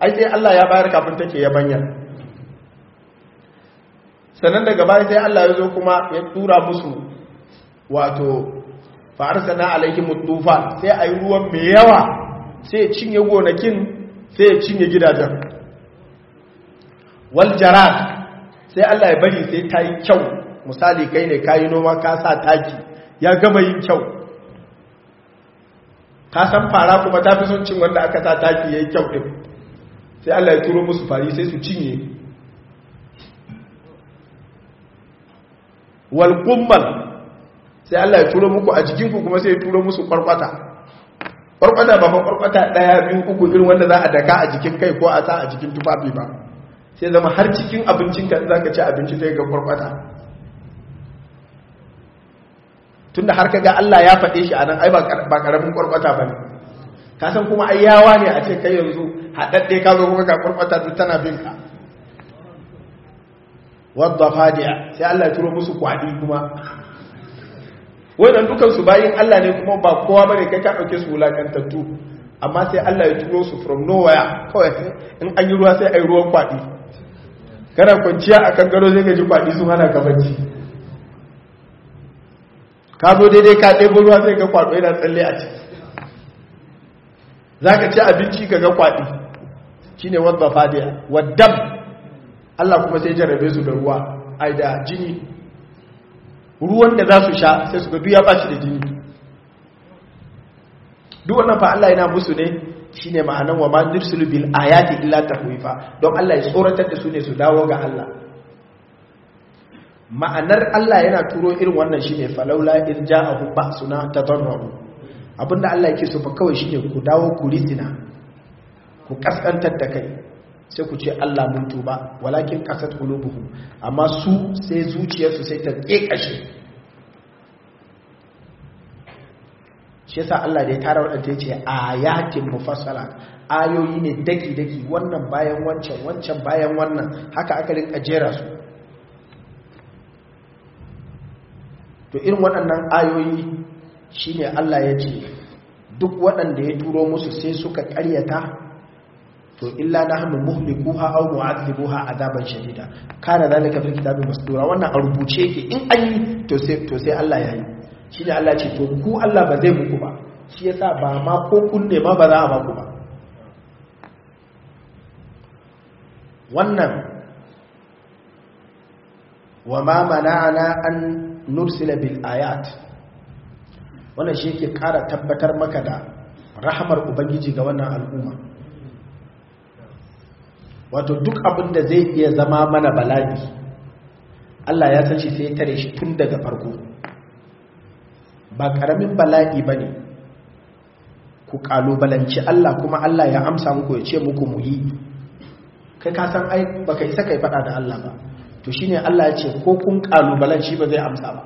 ai sai Allah ya bayar kafin take yabanya sannan daga baya sai Allah ya zo kuma ya tura musu wato sana alaikin tufa sai a yi ruwan mai yawa sai ya cinye gonakin sai ya cinye gidajen wal jarad sai Allah ya bari sai ta yi kyau misali kai ne ka yi noma ka sa taki ya gama yin kyau ka san fara kuma ta fi son cin wanda aka sa taki yayi kyau din sai Allah ya turo musu fari sai su cinye wal qummal sai Allah ya turo muku a jikinku ku kuma sai ya turo musu kwarkwata kwarkwata ba fa kwarkwata daya biyu uku irin wanda za a daka a jikin kai ko a sa a jikin tufafi ba sai zama har cikin abincin ka abincinka zaka ci abinci sai ga kwarkwata tunda har kaga Allah ya faɗe shi anan ai ba karamin kwarkwata bane ka san kuma ai yawa ne a ce kai yanzu haɗaɗɗe ka zo kuma ka kwarkwata duk tana bin ka wadda fadiya sai Allah ya turo musu kwaɗi kuma wannan dukan su bayin Allah ne kuma ba kowa bane kai ka ɗauke su wulakantattu amma sai Allah ya turo su from nowhere kawai in an yi ruwa sai ai ruwan kwaɗi kana kwanciya akan gado zai gaji kwaɗi sun hana ka bacci ka zo daidai ka ɗebo ruwa zai ga kwaɗo yana tsalle a ciki za ka ci abinci ka ga kwaɗi shi ne wadda fadiya waddam Allah kuma sai jarabe su da ruwa ai da jini ruwan da za su sha sai su ga duya ba da jini duk wannan fa Allah yana musu ne shi ne ma'anan wa ma nursilu bil ayati illa tahwifa don Allah ya tsoratar da su ne su dawo ga Allah ma'anar Allah yana turo irin wannan shi ne falaula in ja a suna ta tadarru abinda Allah yake so kawai kawai ne ku dawo ku risina ku kaskantar da kai sai ku ce Allah mun tuba walakin qasat kulubuhu amma su sai zuciyarsu sai ta tsekashe shi yasa Allah da ya tara wadanda ya ce ayatin mufassala ayoyi ne daki daki wannan bayan wancan wancan bayan wannan haka aka rinka jera su to irin waɗannan ayoyi shine Allah ya ce duk waɗanda ya turo musu sai suka ƙaryata to illa na a muhlikuha aw mu'adhibuha azaban shadida kana zalika kitabin masu tura wannan a rubuce yake in an yi to sai Allah ya yi shine Allah ce to ku Allah ba zai muku ba shi ya sa ba ma ko kunne ma ba za a ba ku ba wannan wa ma mana'ana an nursila bil ayat wannan shi ke ƙara tabbatar maka da rahamar ubangiji ga wannan al'umma wato duk abin da zai iya zama mana bala'i Allah ya san shi sai tare shi tun daga farko ba karamin bala'i ba ne ku ƙalubalanci Allah kuma Allah ya amsa muku ya ce muku muyi kai ka san ai baka isa kai faɗa da Allah ba to shine Allah ya ce ko kun kalubalan shi ba zai amsa ba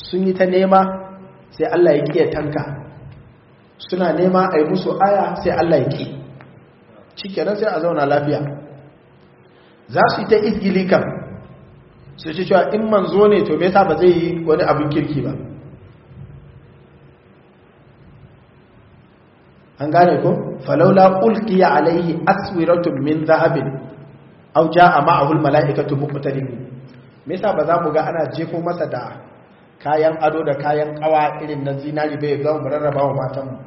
sun yi ta nema sai Allah ya ya tanka suna nema a yi musu aya sai Allah ya Cikin cikenan sai a zauna lafiya za su yi ta izgilikan su ce cewa in manzo ne to mesa yasa ba zai yi wani abin kirki ba an gane ko falaula ulkiya alaihi aswiratun min zahabin au ja'a ma'ahul mala'ikatu muqtadin me yasa ba za mu ga ana jefo masa da kayan ado da kayan kawa irin na zinari bai ga mu rarraba wa matan mu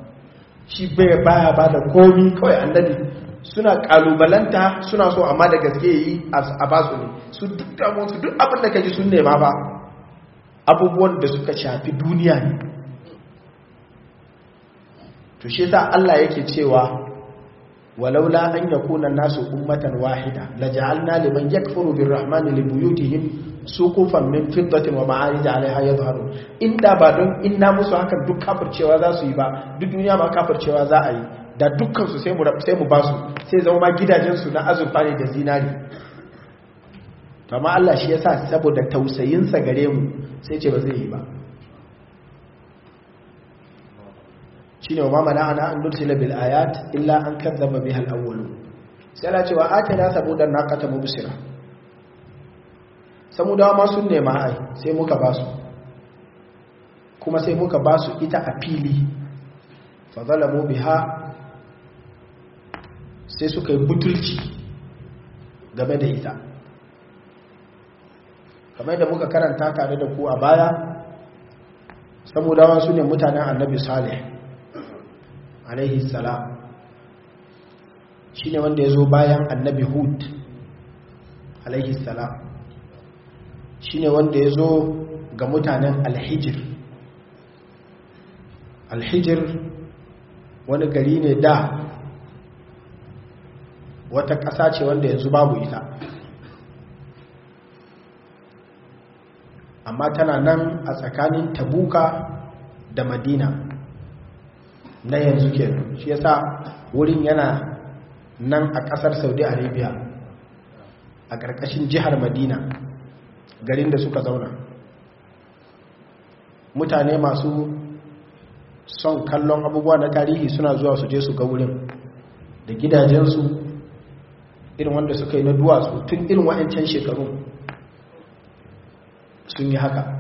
shi bai baya ba da komi kawai annabi suna kalubalanta suna so amma da gaske yi a ba su ne su duk damuwar su duk abin da kaji sun nema ba abubuwan da suka shafi duniya ne to shi yasa Allah yake cewa walaula an yakuna nasu ummatan wahida laj'alna liman yakfuru birrahmani libuyutihim suqufan min fiddatin wa ma'arij 'alayha yadhharun inda ba don inna musu hakan duk kafircewa za su yi ba duk duniya ba kafircewa za a yi da dukkan sai mu sai mu basu sai zama ma gidajen na azurfa da zinari amma Allah shi sa saboda tausayinsa gare mu sai ce ba zai yi ba shine wa mamana ana an nursila bil ayat illa an kadzaba biha al awwalun sai Allah cewa atina saboda naqata mubsira da ma sun nema ai sai muka ba su kuma sai muka ba su ita a fili fa zalamu biha sai suka yi butulci game da ita kamar da muka karanta tare da ku a baya samudawa su ne mutanen annabi salih alaihi salam shine wanda ya zo bayan annabi hud alaihi salam shine wanda ya zo ga mutanen alhijir alhijir wani gari ne da wata ƙasa ce wanda yanzu babu ita amma tana nan a tsakanin tabuka da madina na yanzu ke shi yasa wurin yana nan a kasar saudi arabia a ƙarƙashin jihar madina garin da suka zauna mutane masu son kallon abubuwa na tarihi suna zuwa su je su ga wurin da gidajensu irin wanda suka yi na duwatsu tun irin wa'ancan shekaru sun yi haka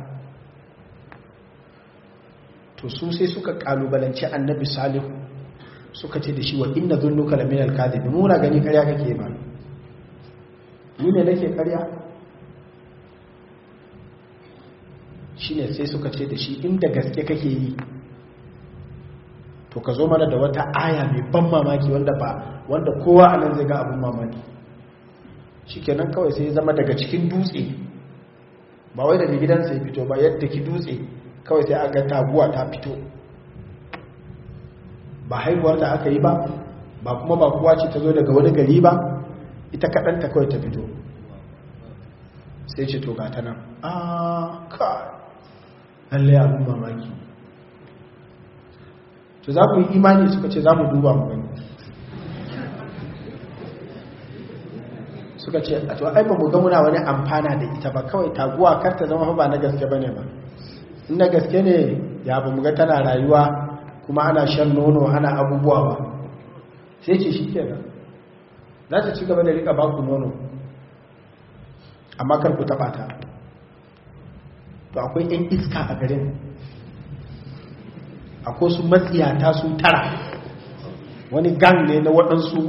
to su sai suka kalubalanci annabi salihu suka ce da shi wa inna zunnuka lamin alkadib muna gani karya kake ba ni ne nake karya shine sai suka ce da shi inda gaske kake yi to ka zo mana da wata aya mai ban mamaki wanda ba wanda kowa a nan zai ga abin mamaki shikenan kawai sai zama daga cikin dutse ba wai daga gidansa ya fito ba yadda ki dutse kawai sai aga taguwa ta fito ba haihuwar da aka yi ba ba kuma ba kuwa ce ta zo daga wani gari ba ita kaɗanta kawai ta fito sai ce to ta nan a ah, ka lallai abin mamaki to za ku yi imani suka ce za mu duba mu gani suka ce a to ai ba mu ga muna wani amfana da ita ba kawai taguwa kar ta zama ba na gaske ba ne ba inda gaske ne ya ba muga tana rayuwa kuma ana shan nono ana abubuwa ba sai ce shi kenan za ta ci gaba da rika baku nono amma kar ku ta to akwai 'yan iska a garin akwai su matsiyata su tara wani gang ne na waɗansu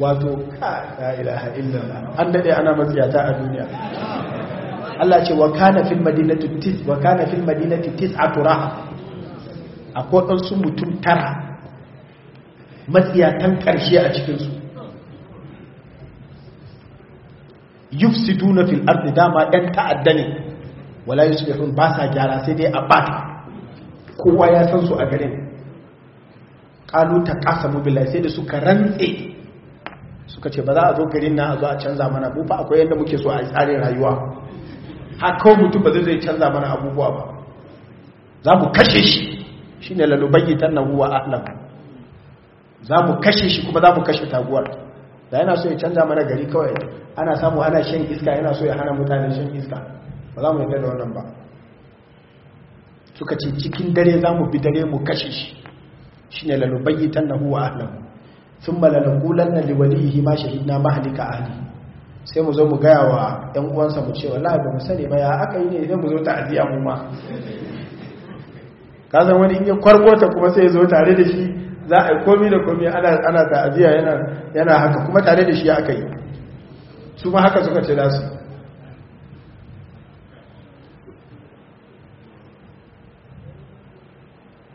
wato ka da ba an daɗe ana matsiyata a duniya Allah ce wa kana fil madinati tis wa kana fil madinati tis'atu akwai su mutum tara matsiyatan ƙarshe a cikin cikinsu yufsiduna fil ardi dama ɗan ta'adda ne wala yusbihun ba sa gyara sai dai a bata kowa ya san su a garin kalu ta billahi sai da suka rantse suka ce ba za a zo garin na a zo a canza mana bufa akwai yadda muke so a tsarin rayuwa haka mutum ba zai zai canza mana abubuwa ba za mu kashe shi shi ne lalubayi ta nahuwa ahlaka za mu kashe shi kuma za mu kashe taguwar da yana so ya canza mana gari kawai ana samu ana shan iska yana so ya hana mutane shan iska ba za mu yi da wannan ba suka ce cikin dare za mu bi dare mu kashe shi shi ne lalubayi ta nahuwa ahlaka sun malalakulan na yi ma shahid na mahalika ahli sai mu zo mu gaya wa ‘yan uwansa mu ce wallahi ba mu sani ba ya aka yi ne idan mu zo ajiya mu ma ka san wani in ya ta kuma sai ya zo tare da shi za a yi komi da komi ana ana ajiya yana yana haka kuma tare da shi aka yi su ma haka suka ce da su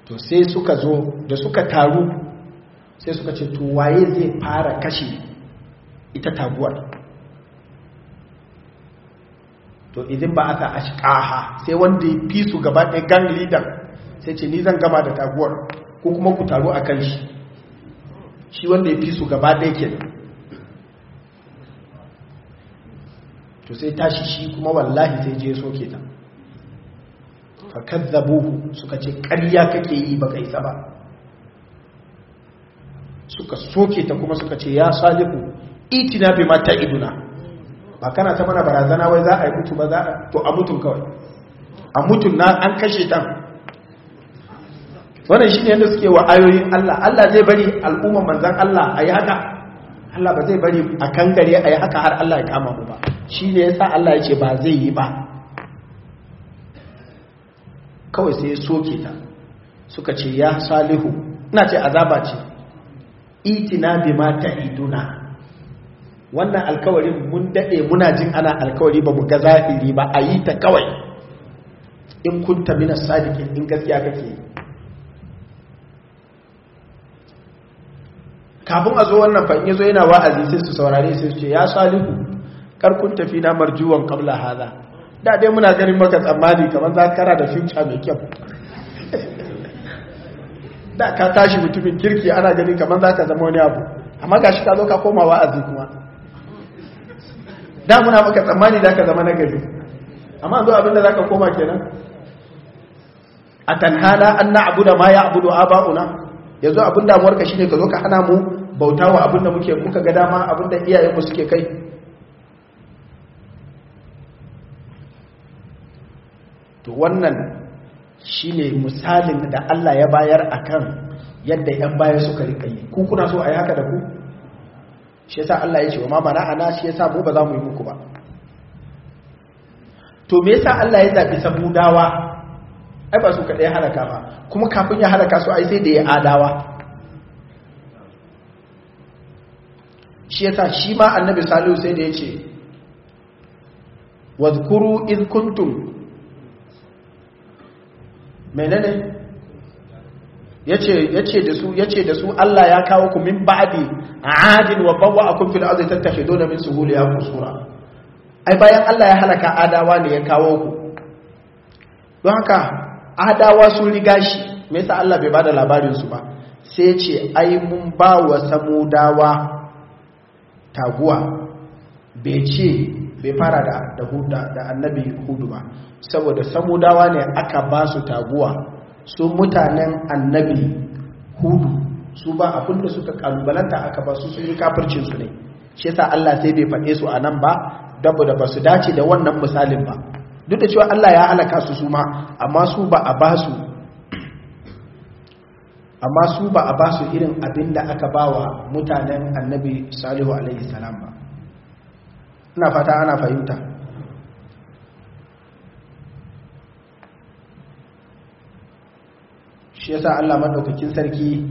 to sai suka zo da suka taru sai suka ce to waye zai fara kashe ita taguwar to idin ba aka ashqaha sai wanda ya fi su gaba ɗaya gang leader sai ce ni zan gama da taguwar ko kuma ku taru kan shi shi wanda ya fi su gaba ɗaya ke to sai tashi shi kuma wallahi sai je soke ta fa kadzabuhu suka ce ƙarya kake yi ba isa ba suka soke ta kuma suka ce ya salihu itina bi mata iduna ba kana ta mana barazana wai za a yi mutu ba za a to a mutum kawai a mutum na an kashe ta wannan shi ne yadda suke wa ayoyin Allah Allah zai bari al'umman manzan Allah a yi haka Allah ba zai bari a kangare a yi haka har Allah ya kama mu ba shi ne ya sa Allah ya ce ba zai yi ba kawai sai ya soke ta suka ce ya salihu ina ce azaba ce itina bi ma ta iduna wannan alkawarin mun daɗe muna jin ana alkawari ba mu ga zahiri ba a yi ta kawai in kunta mina sadikin in gaskiya kake kafin a zo wannan fa in yazo yana wa'azi sai su saurare su ce ya salihu kar kun tafi na marjuwan qabla hada da dai muna ganin maka tsammani kamar za kara da future mai kyau (laughs) da ka tashi mutumin kirki ana gani kamar za ka zama wani abu amma gashi ka zo ka koma wa'azi kuma da muna maka tsammani da ka zama nagari amma zo abinda za ka koma kenan a tanhana an na abu da ma ya abu da aba'una yanzu abin shi shine ka zo ka hana mu bauta wa abin da muke muka ga dama abin da mu suke kai to wannan shine misalin da Allah ya bayar akan yadda 'yan baya suka rika yi ku kuna so a yi haka da ku shi yasa Allah ya ce wa ma mana'ana shi yasa mu ba za mu yi muku ba to me yasa Allah ya zabi samudawa ai ba su kadai halaka ba kuma kafin ya halaka su ai sai da ya adawa shi yasa shi ma annabi salihu sai da ya ce wazkuru iz kuntum menene yace da da su Allah ya kawo ku min a adin wa a bawwa'akum fil ardi dole min su ku sura ai bayan Allah ya halaka adawa ne ya kawo ku don haka adawa sun riga shi me yasa Allah bai ba da labarinsu ba sai ce ai mun ba wa samudawa taguwa bai ce bai fara da annabi hudu ba saboda samudawa ne aka ba su taguwa su mutanen annabi hudu su ba abin da suka kalubalanta aka ba su sun yi kafircin su ne shi yasa Allah sai bai faɗe su a nan ba dabu da ba su dace da wannan misalin ba duk da cewa Allah ya halaka su su ma amma su ba a ba amma su ba a ba su irin abin da aka ba wa mutanen annabi salihu alaihi salam ba ina fata ana fahimta shi yasa Allah madaukakin sarki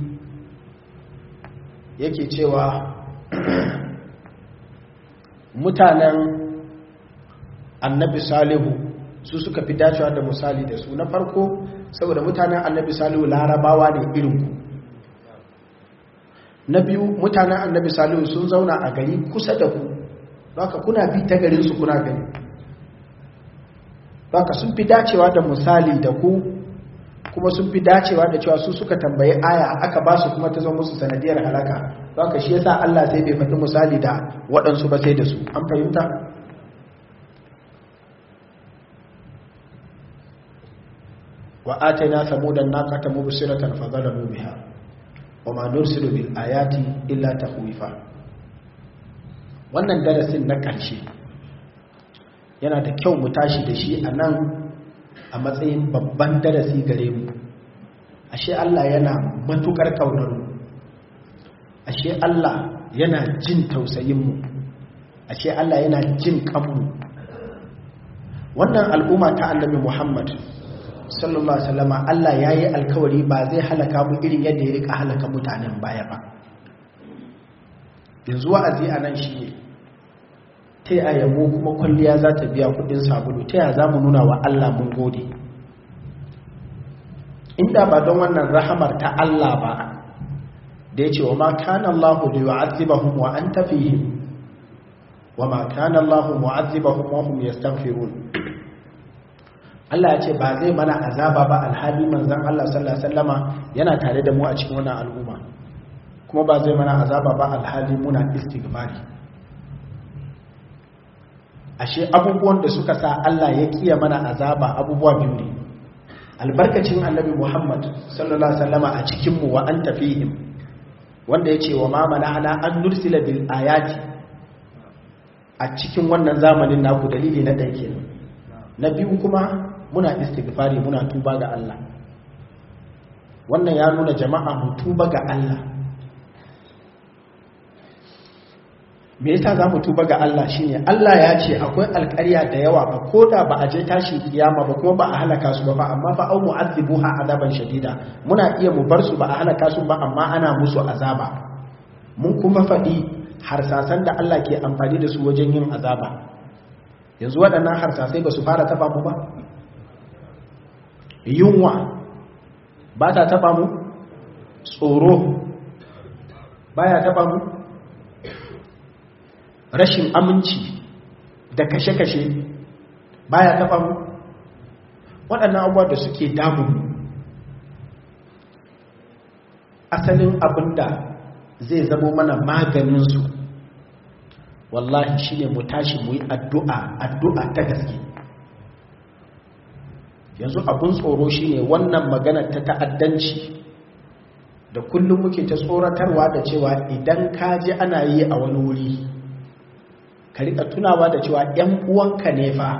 yake cewa (clears throat) mutanen annabi salihu su suka fi dacewa da misali da su na farko saboda mutanen annabi salihu larabawa ne irinku na biyu mutanen annabi salihu sun zauna a gari kusa da ku baka kuna bi ta garinsu kuna gani baka sun fi dacewa da misali da ku kuma sun fi dacewa da cewa su suka tambayi aya aka ba su kuma ta zama musu sanadiyar halaka ka shi yasa Allah sai bai faɗi misali da waɗansu ba sai da su an fahimta wa atayna samudan naqata mubsiratan fa zalamu biha wa ma nursilu bil ayati illa tahwifa wannan darasin na karshe yana da kyau mu tashi da shi a nan a matsayin babban darasi gare mu ashe Allah yana matukar kaunar mu ashe Allah yana jin tausayin mu ashe Allah yana jin kanmu wannan al'umma ta annabi Muhammad sallallahu alaihi wasallama Allah yayi alkawari ba zai halaka mu irin yadda ya rika halaka mutanen baya ba yanzu wa'azi anan shine ta yi a kuma kwalliya za ta biya kudin sabulu ta yi za mu nuna wa Allah mun gode inda ba don wannan rahamar ta Allah ba da ya ce wa ma Allah da yu'azzibahum wa tafi yi wa ma kana Allah mu'azzibahum wa hum yastaghfirun Allah ya ce ba zai mana azaba ba alhali manzan Allah sallallahu alaihi wasallama yana tare da mu a cikin wannan al'umma kuma ba zai mana azaba ba alhali muna istighfari ashe abubuwan da suka sa Allah ya kiya mana azaba abubuwa biyu ne albarkacin annabi Muhammad sallallahu alaihi wasallama a cikin mu wa anta fihim wanda yace wa ma mana'ana an nursila bil ayati a cikin wannan zamanin naku dalili na dake na biyu kuma muna istighfari muna tuba ga Allah wannan ya nuna jama'a mu tuba ga Allah me yasa za mu tuba ga Allah shine Allah ya ce akwai alƙarya da yawa ba ko da ba a je tashi kiyama ba kuma ba a halaka su ba amma fa au mu'adhibuha azaban shadida muna iya mu bar su ba a halaka su ba amma ana musu azaba mun kuma faɗi harsasan da Allah ke amfani da su wajen yin azaba yanzu waɗannan harsasai ba su fara taba mu ba yunwa ba ta taba mu tsoro ba ya taba mu rashin aminci da kashe-kashe baya taba mu waɗannan abuwa da suke damu asalin abin da zai zamo mana maganinsu wallahi shi ne mu tashi mu yi addu'a addu'a ta gaske yanzu abin tsoro shi ne wannan maganar ta ta'addanci da kullum muke ta tsoratarwa da cewa idan ka ana yi a wani wuri ka rika tunawa da cewa yan uwanka ne fa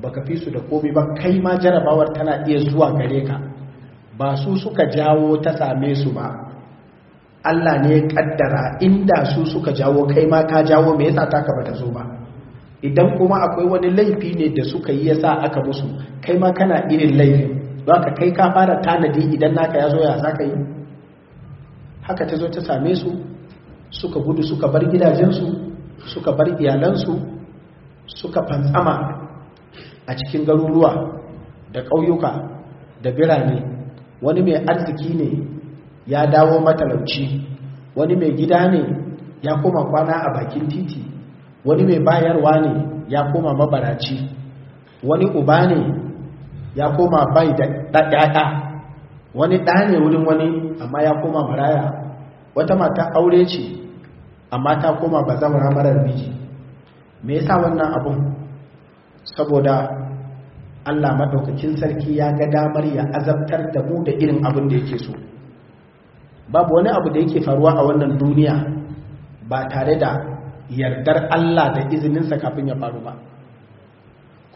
baka fi su da komai ba kai ma jarabawar tana iya zuwa gare ka ba su suka jawo ta same su ba Allah ne ya kaddara inda su suka jawo kai ma ka jawo me yasa taka bata zo ba idan kuma akwai wani laifi ne da suka yi yasa aka musu kai ma kana irin laifi za ka kai ka fara tanadi idan naka ya zo ya ka yi haka ta zo ta same su suka gudu suka bar gidajensu suka bar iyalansu suka fantsama a cikin garuruwa da ƙauyuka da birane wani mai arziki ne ya dawo matalauci wani mai gida ne ya koma kwana a bakin titi wani mai bayarwa ne ya koma mabaraci wani uba ne ya koma bai da ɗaɗaɗa wani ɗa ne wurin wani amma ya koma maraya wata mata aure ce amma ta koma ba zama marar miji me yasa wannan abun saboda Allah madaukakin sarki ya ga damar ya azabtar da mu da irin abin da yake so babu wani abu da yake faruwa a wannan duniya ba tare da yardar Allah da izininsa kafin ya faru ba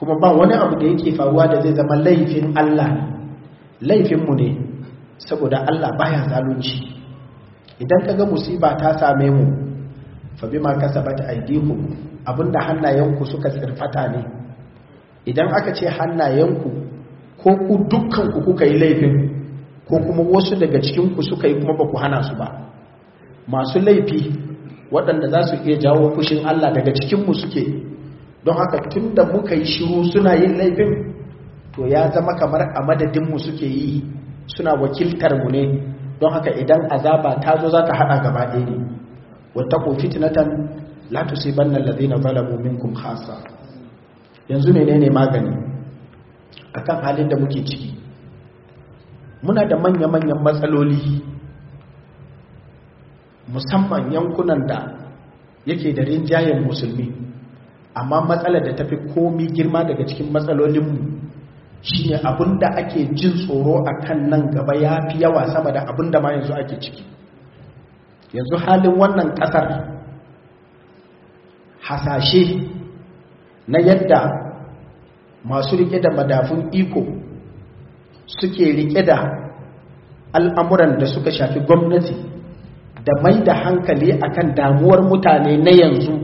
kuma ba wani abu da yake faruwa da zai zama laifin Allah ne laifinmu ne saboda Allah baya zalunci idan ka ga musiba ta same mu fa bima kasabat aydikum abinda hannayenku suka tsirfata ne idan aka ce hannayenku ko ku dukkan kuka yi laifin ko kuma wasu daga cikinku ku suka yi kuma ba ku hana su ba masu laifi waɗanda za su iya jawo fushin Allah daga cikin mu suke don haka da muka yi shiru suna yin laifin to ya zama kamar a madadin mu suke yi suna wakiltar mu ne don haka idan azaba ta zo za ta haɗa gaba ɗaya ne wattaqu fitnatan la tusibanna alladhina zalamu minkum khassa yanzu menene magani akan halin da muke ciki muna da manya-manyan matsaloli musamman yankunan da yake da rinjayen musulmi amma matsalar da tafi komi girma daga cikin matsalolin mu shine abinda ake jin tsoro akan nan gaba ya fi yawa sama da abinda ma yanzu ake ciki yanzu halin wannan ƙasar hasashe na yadda masu riƙe da madafun iko suke riƙe da al'amuran da suka shafi gwamnati da mai da hankali akan damuwar mutane na yanzu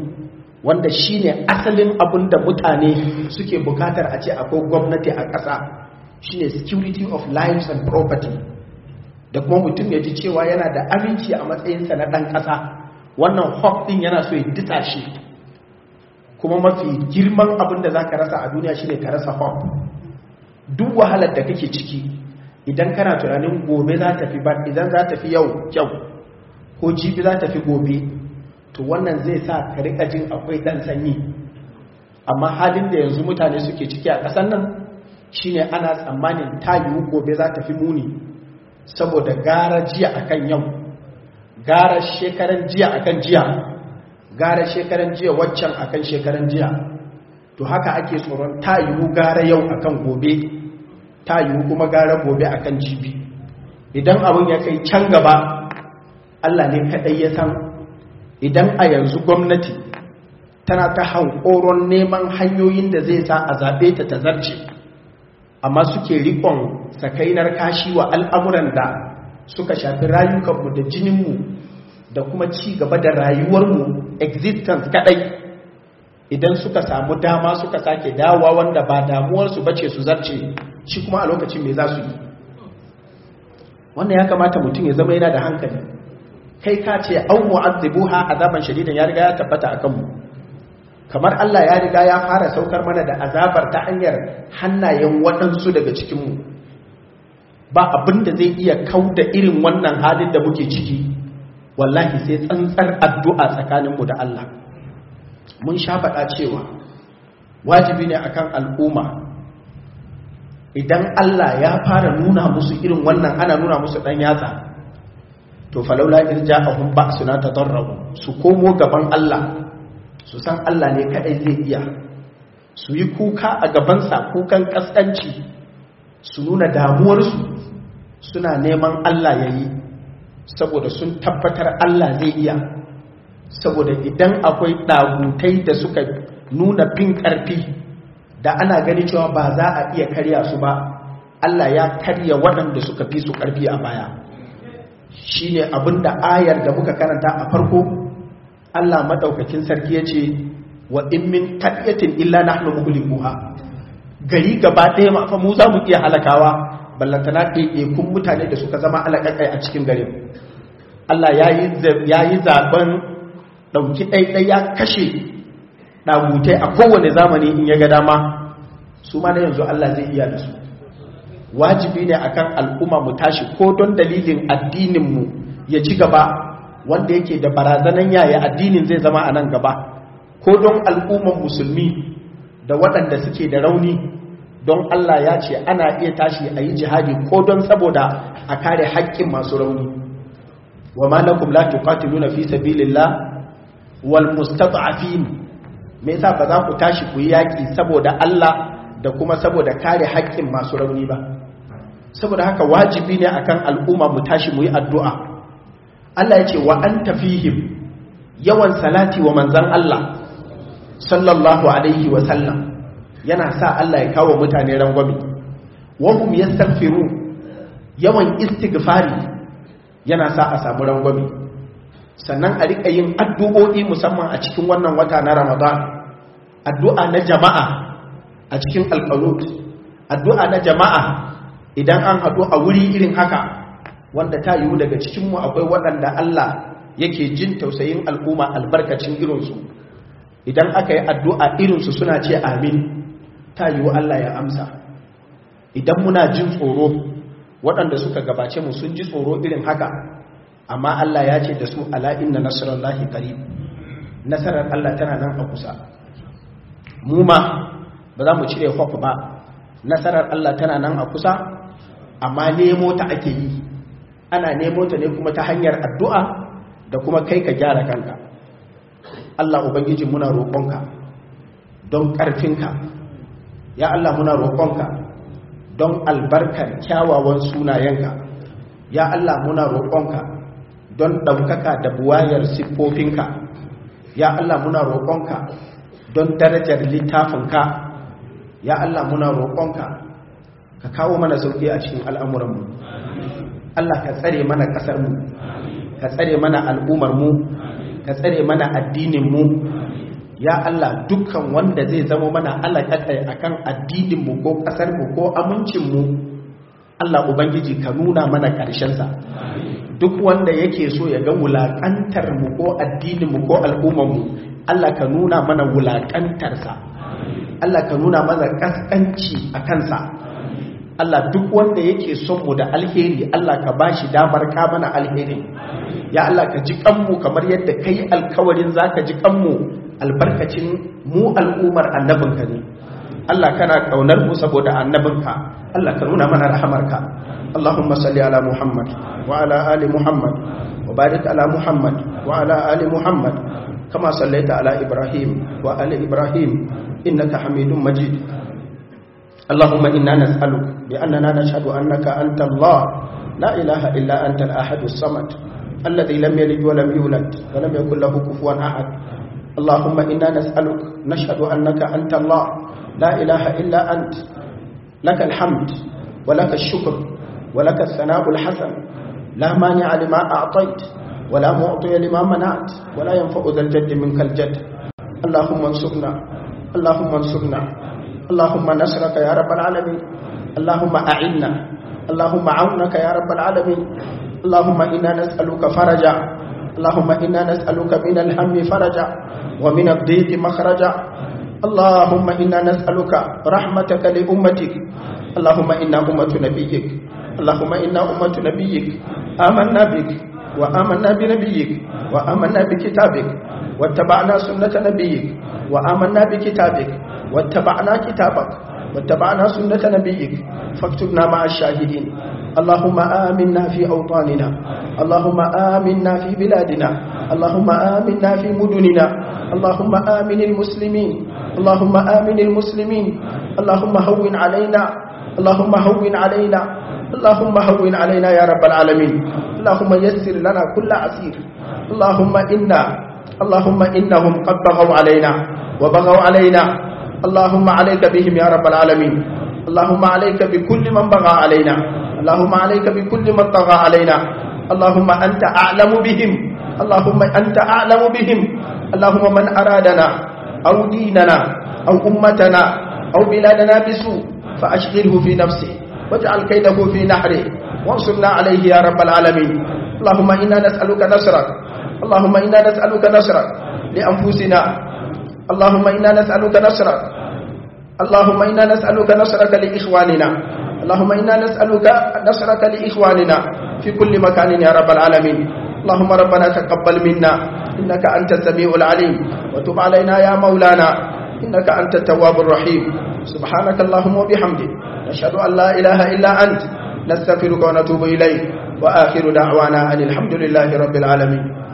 wanda shi ne asalin abin da mutane suke bukatar a ce akwai gwamnati a ƙasa shine security of lives and property da kuma mutum ya ji cewa yana da aminci a matsayinsa na ɗan ƙasa wannan hawk ɗin yana so ya dita shi kuma mafi girman abin da za ka rasa a duniya shine ka rasa hawk duk wahalar da kake ciki idan kana tunanin gobe za ta fi ban idan za ta fi yau kyau ko jibi za ta fi gobe to wannan zai sa ka riƙa jin akwai ɗan sanyi amma halin da yanzu mutane suke ciki a ƙasar nan shine ana tsammanin ta yiwu gobe za ta fi muni saboda gara jiya akan yau gara shekaran jiya akan jiya gara shekaran jiya waccan akan shekaran jiya to haka ake tsoron ta yiwu gara yau akan gobe ta yiwu kuma gara gobe akan jibi idan abin ya kai can gaba Allah ne kaɗai ya san idan a yanzu gwamnati tana ta hankoron neman hanyoyin da zai sa a zaɓe ta ta zarce amma suke rikon sakainar kashi wa al'amuran da suka shafi rayukanmu da jininmu da kuma ci gaba da rayuwarmu existence kadai idan suka samu dama suka sake dawa wanda ba damuwarsu bace su zarce shi kuma a lokacin mai za su yi wannan ya kamata mutum ya zama yana da hankali kai ka ce an a azaban shadidan ya riga ya tabbata akan mu kamar Allah ya riga ya fara saukar mana da azabar ta hanyar hannayen waɗansu daga cikinmu ba abinda zai iya kauda irin wannan halin da muke ciki wallahi sai tsantsar addu'a tsakaninmu da Allah mun sha faɗa cewa wajibi ne akan al'umma idan Allah ya fara nuna musu irin wannan ana nuna musu ɗan yatsa to falaula irja ahun ba suna ta su komo gaban Allah su san Allah ne kadai zai iya su yi kuka a gabansa kukan kaskanci su nuna damuwarsu suna neman Allah ya yi saboda sun tabbatar Allah zai iya saboda idan akwai ɗagutai da suka nuna bin ƙarfi da ana gani cewa ba za a iya karya su ba Allah ya karya waɗanda suka fi su ƙarfi a baya shi ne abin da ayar da muka karanta a farko Allah madaukakin sarki ya ce wa in min na illa nahnu muhlikuha gari gaba ɗaya ma fa mu za mu iya halakawa ballantana ɗaiɗe kun mutane da suka zama alaƙaƙai a cikin garin Allah ya yi zaben ɗauki ɗaiɗai ya kashe ɗagutai a kowane zamani in ya ga dama su ma na yanzu Allah zai iya da su wajibi ne akan al'umma mu tashi ko don dalilin addinin mu ya ci gaba wanda yake da barazanan yaya addinin zai zama a nan gaba ko don al'umman musulmi da waɗanda suke da rauni don Allah ya ce ana iya tashi a yi jihadi ko don saboda a kare haƙƙin masu rauni wa malakum la tuqatiluna fi sabilillah wal mustad'afin me yasa ba za ku tashi ku yi yaƙi saboda Allah da kuma saboda kare haƙƙin masu rauni ba saboda haka wajibi ne akan al'umma mu tashi mu yi addu'a Allah ya ce wa an tafihim yawan salati wa manzan Allah sallallahu alaihi wa sallam yana sa Allah ya kawo mutane rangwami wa yastaghfiru yawan istighfari yana sa a samu rangwami sannan a rika yin addu'o'i musamman a cikin wannan wata na Ramadan addu'a na jama'a a cikin alqalut addu'a na jama'a idan an haɗu a wuri irin haka wanda ta yiwu daga cikinmu akwai waɗanda Allah yake jin tausayin al'umma albarkacin irinsu idan aka yi addu'a irinsu suna ce amin ta yiwu Allah ya amsa idan muna jin tsoro waɗanda suka gabace mu sun ji tsoro irin haka amma Allah ya ce da su ala inna nasarar lahi nasarar Allah tana nan a kusa mu ma ba za mu cire hop ba nasarar Allah tana nan a kusa amma nemo ta ake yi ana nemo ta ne kuma ta hanyar addu'a da kuma kai ka gyara kanka Allah ubangiji muna roƙonka don ƙarfinka ya Allah muna roƙonka don albarkar kyawawan sunayenka ya Allah muna roƙonka don ɗaukaka da buwayar siffofinka ya Allah muna roƙonka don darajar littafinka ya Allah muna roƙonka ka kawo mana sauƙi a cikin al'amuranmu Allah ka tsare mana kasar mu ka tsare mana al'umar mu ka tsare mana addinin mu ya Allah dukkan wanda zai zama mana alaƙaƙai a kan addininmu ko ƙasarmu ko amincinmu Allah Ubangiji ka nuna mana ƙarshensa duk wanda yake so ya ga wulaƙantarmu ko addininmu ko al'ummarmu Allah ka nuna mana wulaƙantarsa Allah ka nuna mana ƙasƙanci a kansa Allah duk wanda yake son mu da alheri Allah ka bashi damar ka mana alheri ya Allah ka ji kanmu kamar yadda kai alkawarin zaka ji kanmu albarkacin mu al'umar annabinka ne Allah kana kaunar mu saboda annabinka Allah ka nuna mana rahamarka Allahumma salli ala Muhammad wa ali Muhammad wa barik ala Muhammad wa ala ali Muhammad kama sallaita ala Ibrahim wa ali innaka Hamidum Majid اللهم إنا نسألك بأننا نشهد أنك أنت الله لا إله إلا أنت الأحد الصمد الذي لم يلد ولم يولد ولم يكن له كفوا أحد اللهم إنا نسألك نشهد أنك أنت الله لا إله إلا أنت لك الحمد ولك الشكر ولك الثناء الحسن لا مانع لما أعطيت ولا معطي لما منعت ولا ينفع ذا الجد منك الجد اللهم انصرنا اللهم انصرنا اللهم نصرك يا رب العالمين اللهم أعنا اللهم عونك يا رب العالمين اللهم إنا نسألك فرجا اللهم إنا نسألك من الهم فرجا ومن الضيق مخرجا اللهم إنا نسألك رحمتك لأمتك اللهم إنا أمة نبيك اللهم إنا أمة نبيك آمنا بك وآمنا بنبيك وآمنا بكتابك واتبعنا سنة نبيك وآمنا بكتابك واتبعنا كتابك واتبعنا سنة نبيك فاكتبنا مع الشاهدين اللهم آمنا في أوطاننا اللهم آمنا في بلادنا اللهم آمنا في مدننا اللهم آمن المسلمين اللهم آمن المسلمين اللهم هون علينا اللهم هون علينا اللهم هون علينا يا رب العالمين اللهم يسر لنا كل عسير اللهم إنا اللهم إنهم قد بغوا علينا وبغوا علينا اللهم عليك بهم يا رب العالمين اللهم عليك بكل من بغى علينا اللهم عليك بكل من طغى علينا اللهم أنت أعلم بهم اللهم أنت أعلم بهم اللهم من أرادنا أو ديننا أو أمتنا أو بلادنا بسوء فأشغله في نفسه واجعل كيده في نحره وانصرنا عليه يا رب العالمين اللهم إنا نسألك نصرك اللهم إنا نسألك نصرك لأنفسنا اللهم إنا نسألك نصرك اللهم إنا نسألك نصرك لإخواننا اللهم إنا نسألك نصرك لإخواننا في كل مكان يا رب العالمين اللهم ربنا تقبل منا إنك أنت السميع العليم وتب علينا يا مولانا إنك أنت التواب الرحيم سبحانك اللهم وبحمدك نشهد أن لا إله إلا أنت نستغفرك ونتوب إليك وآخر دعوانا أن الحمد لله رب العالمين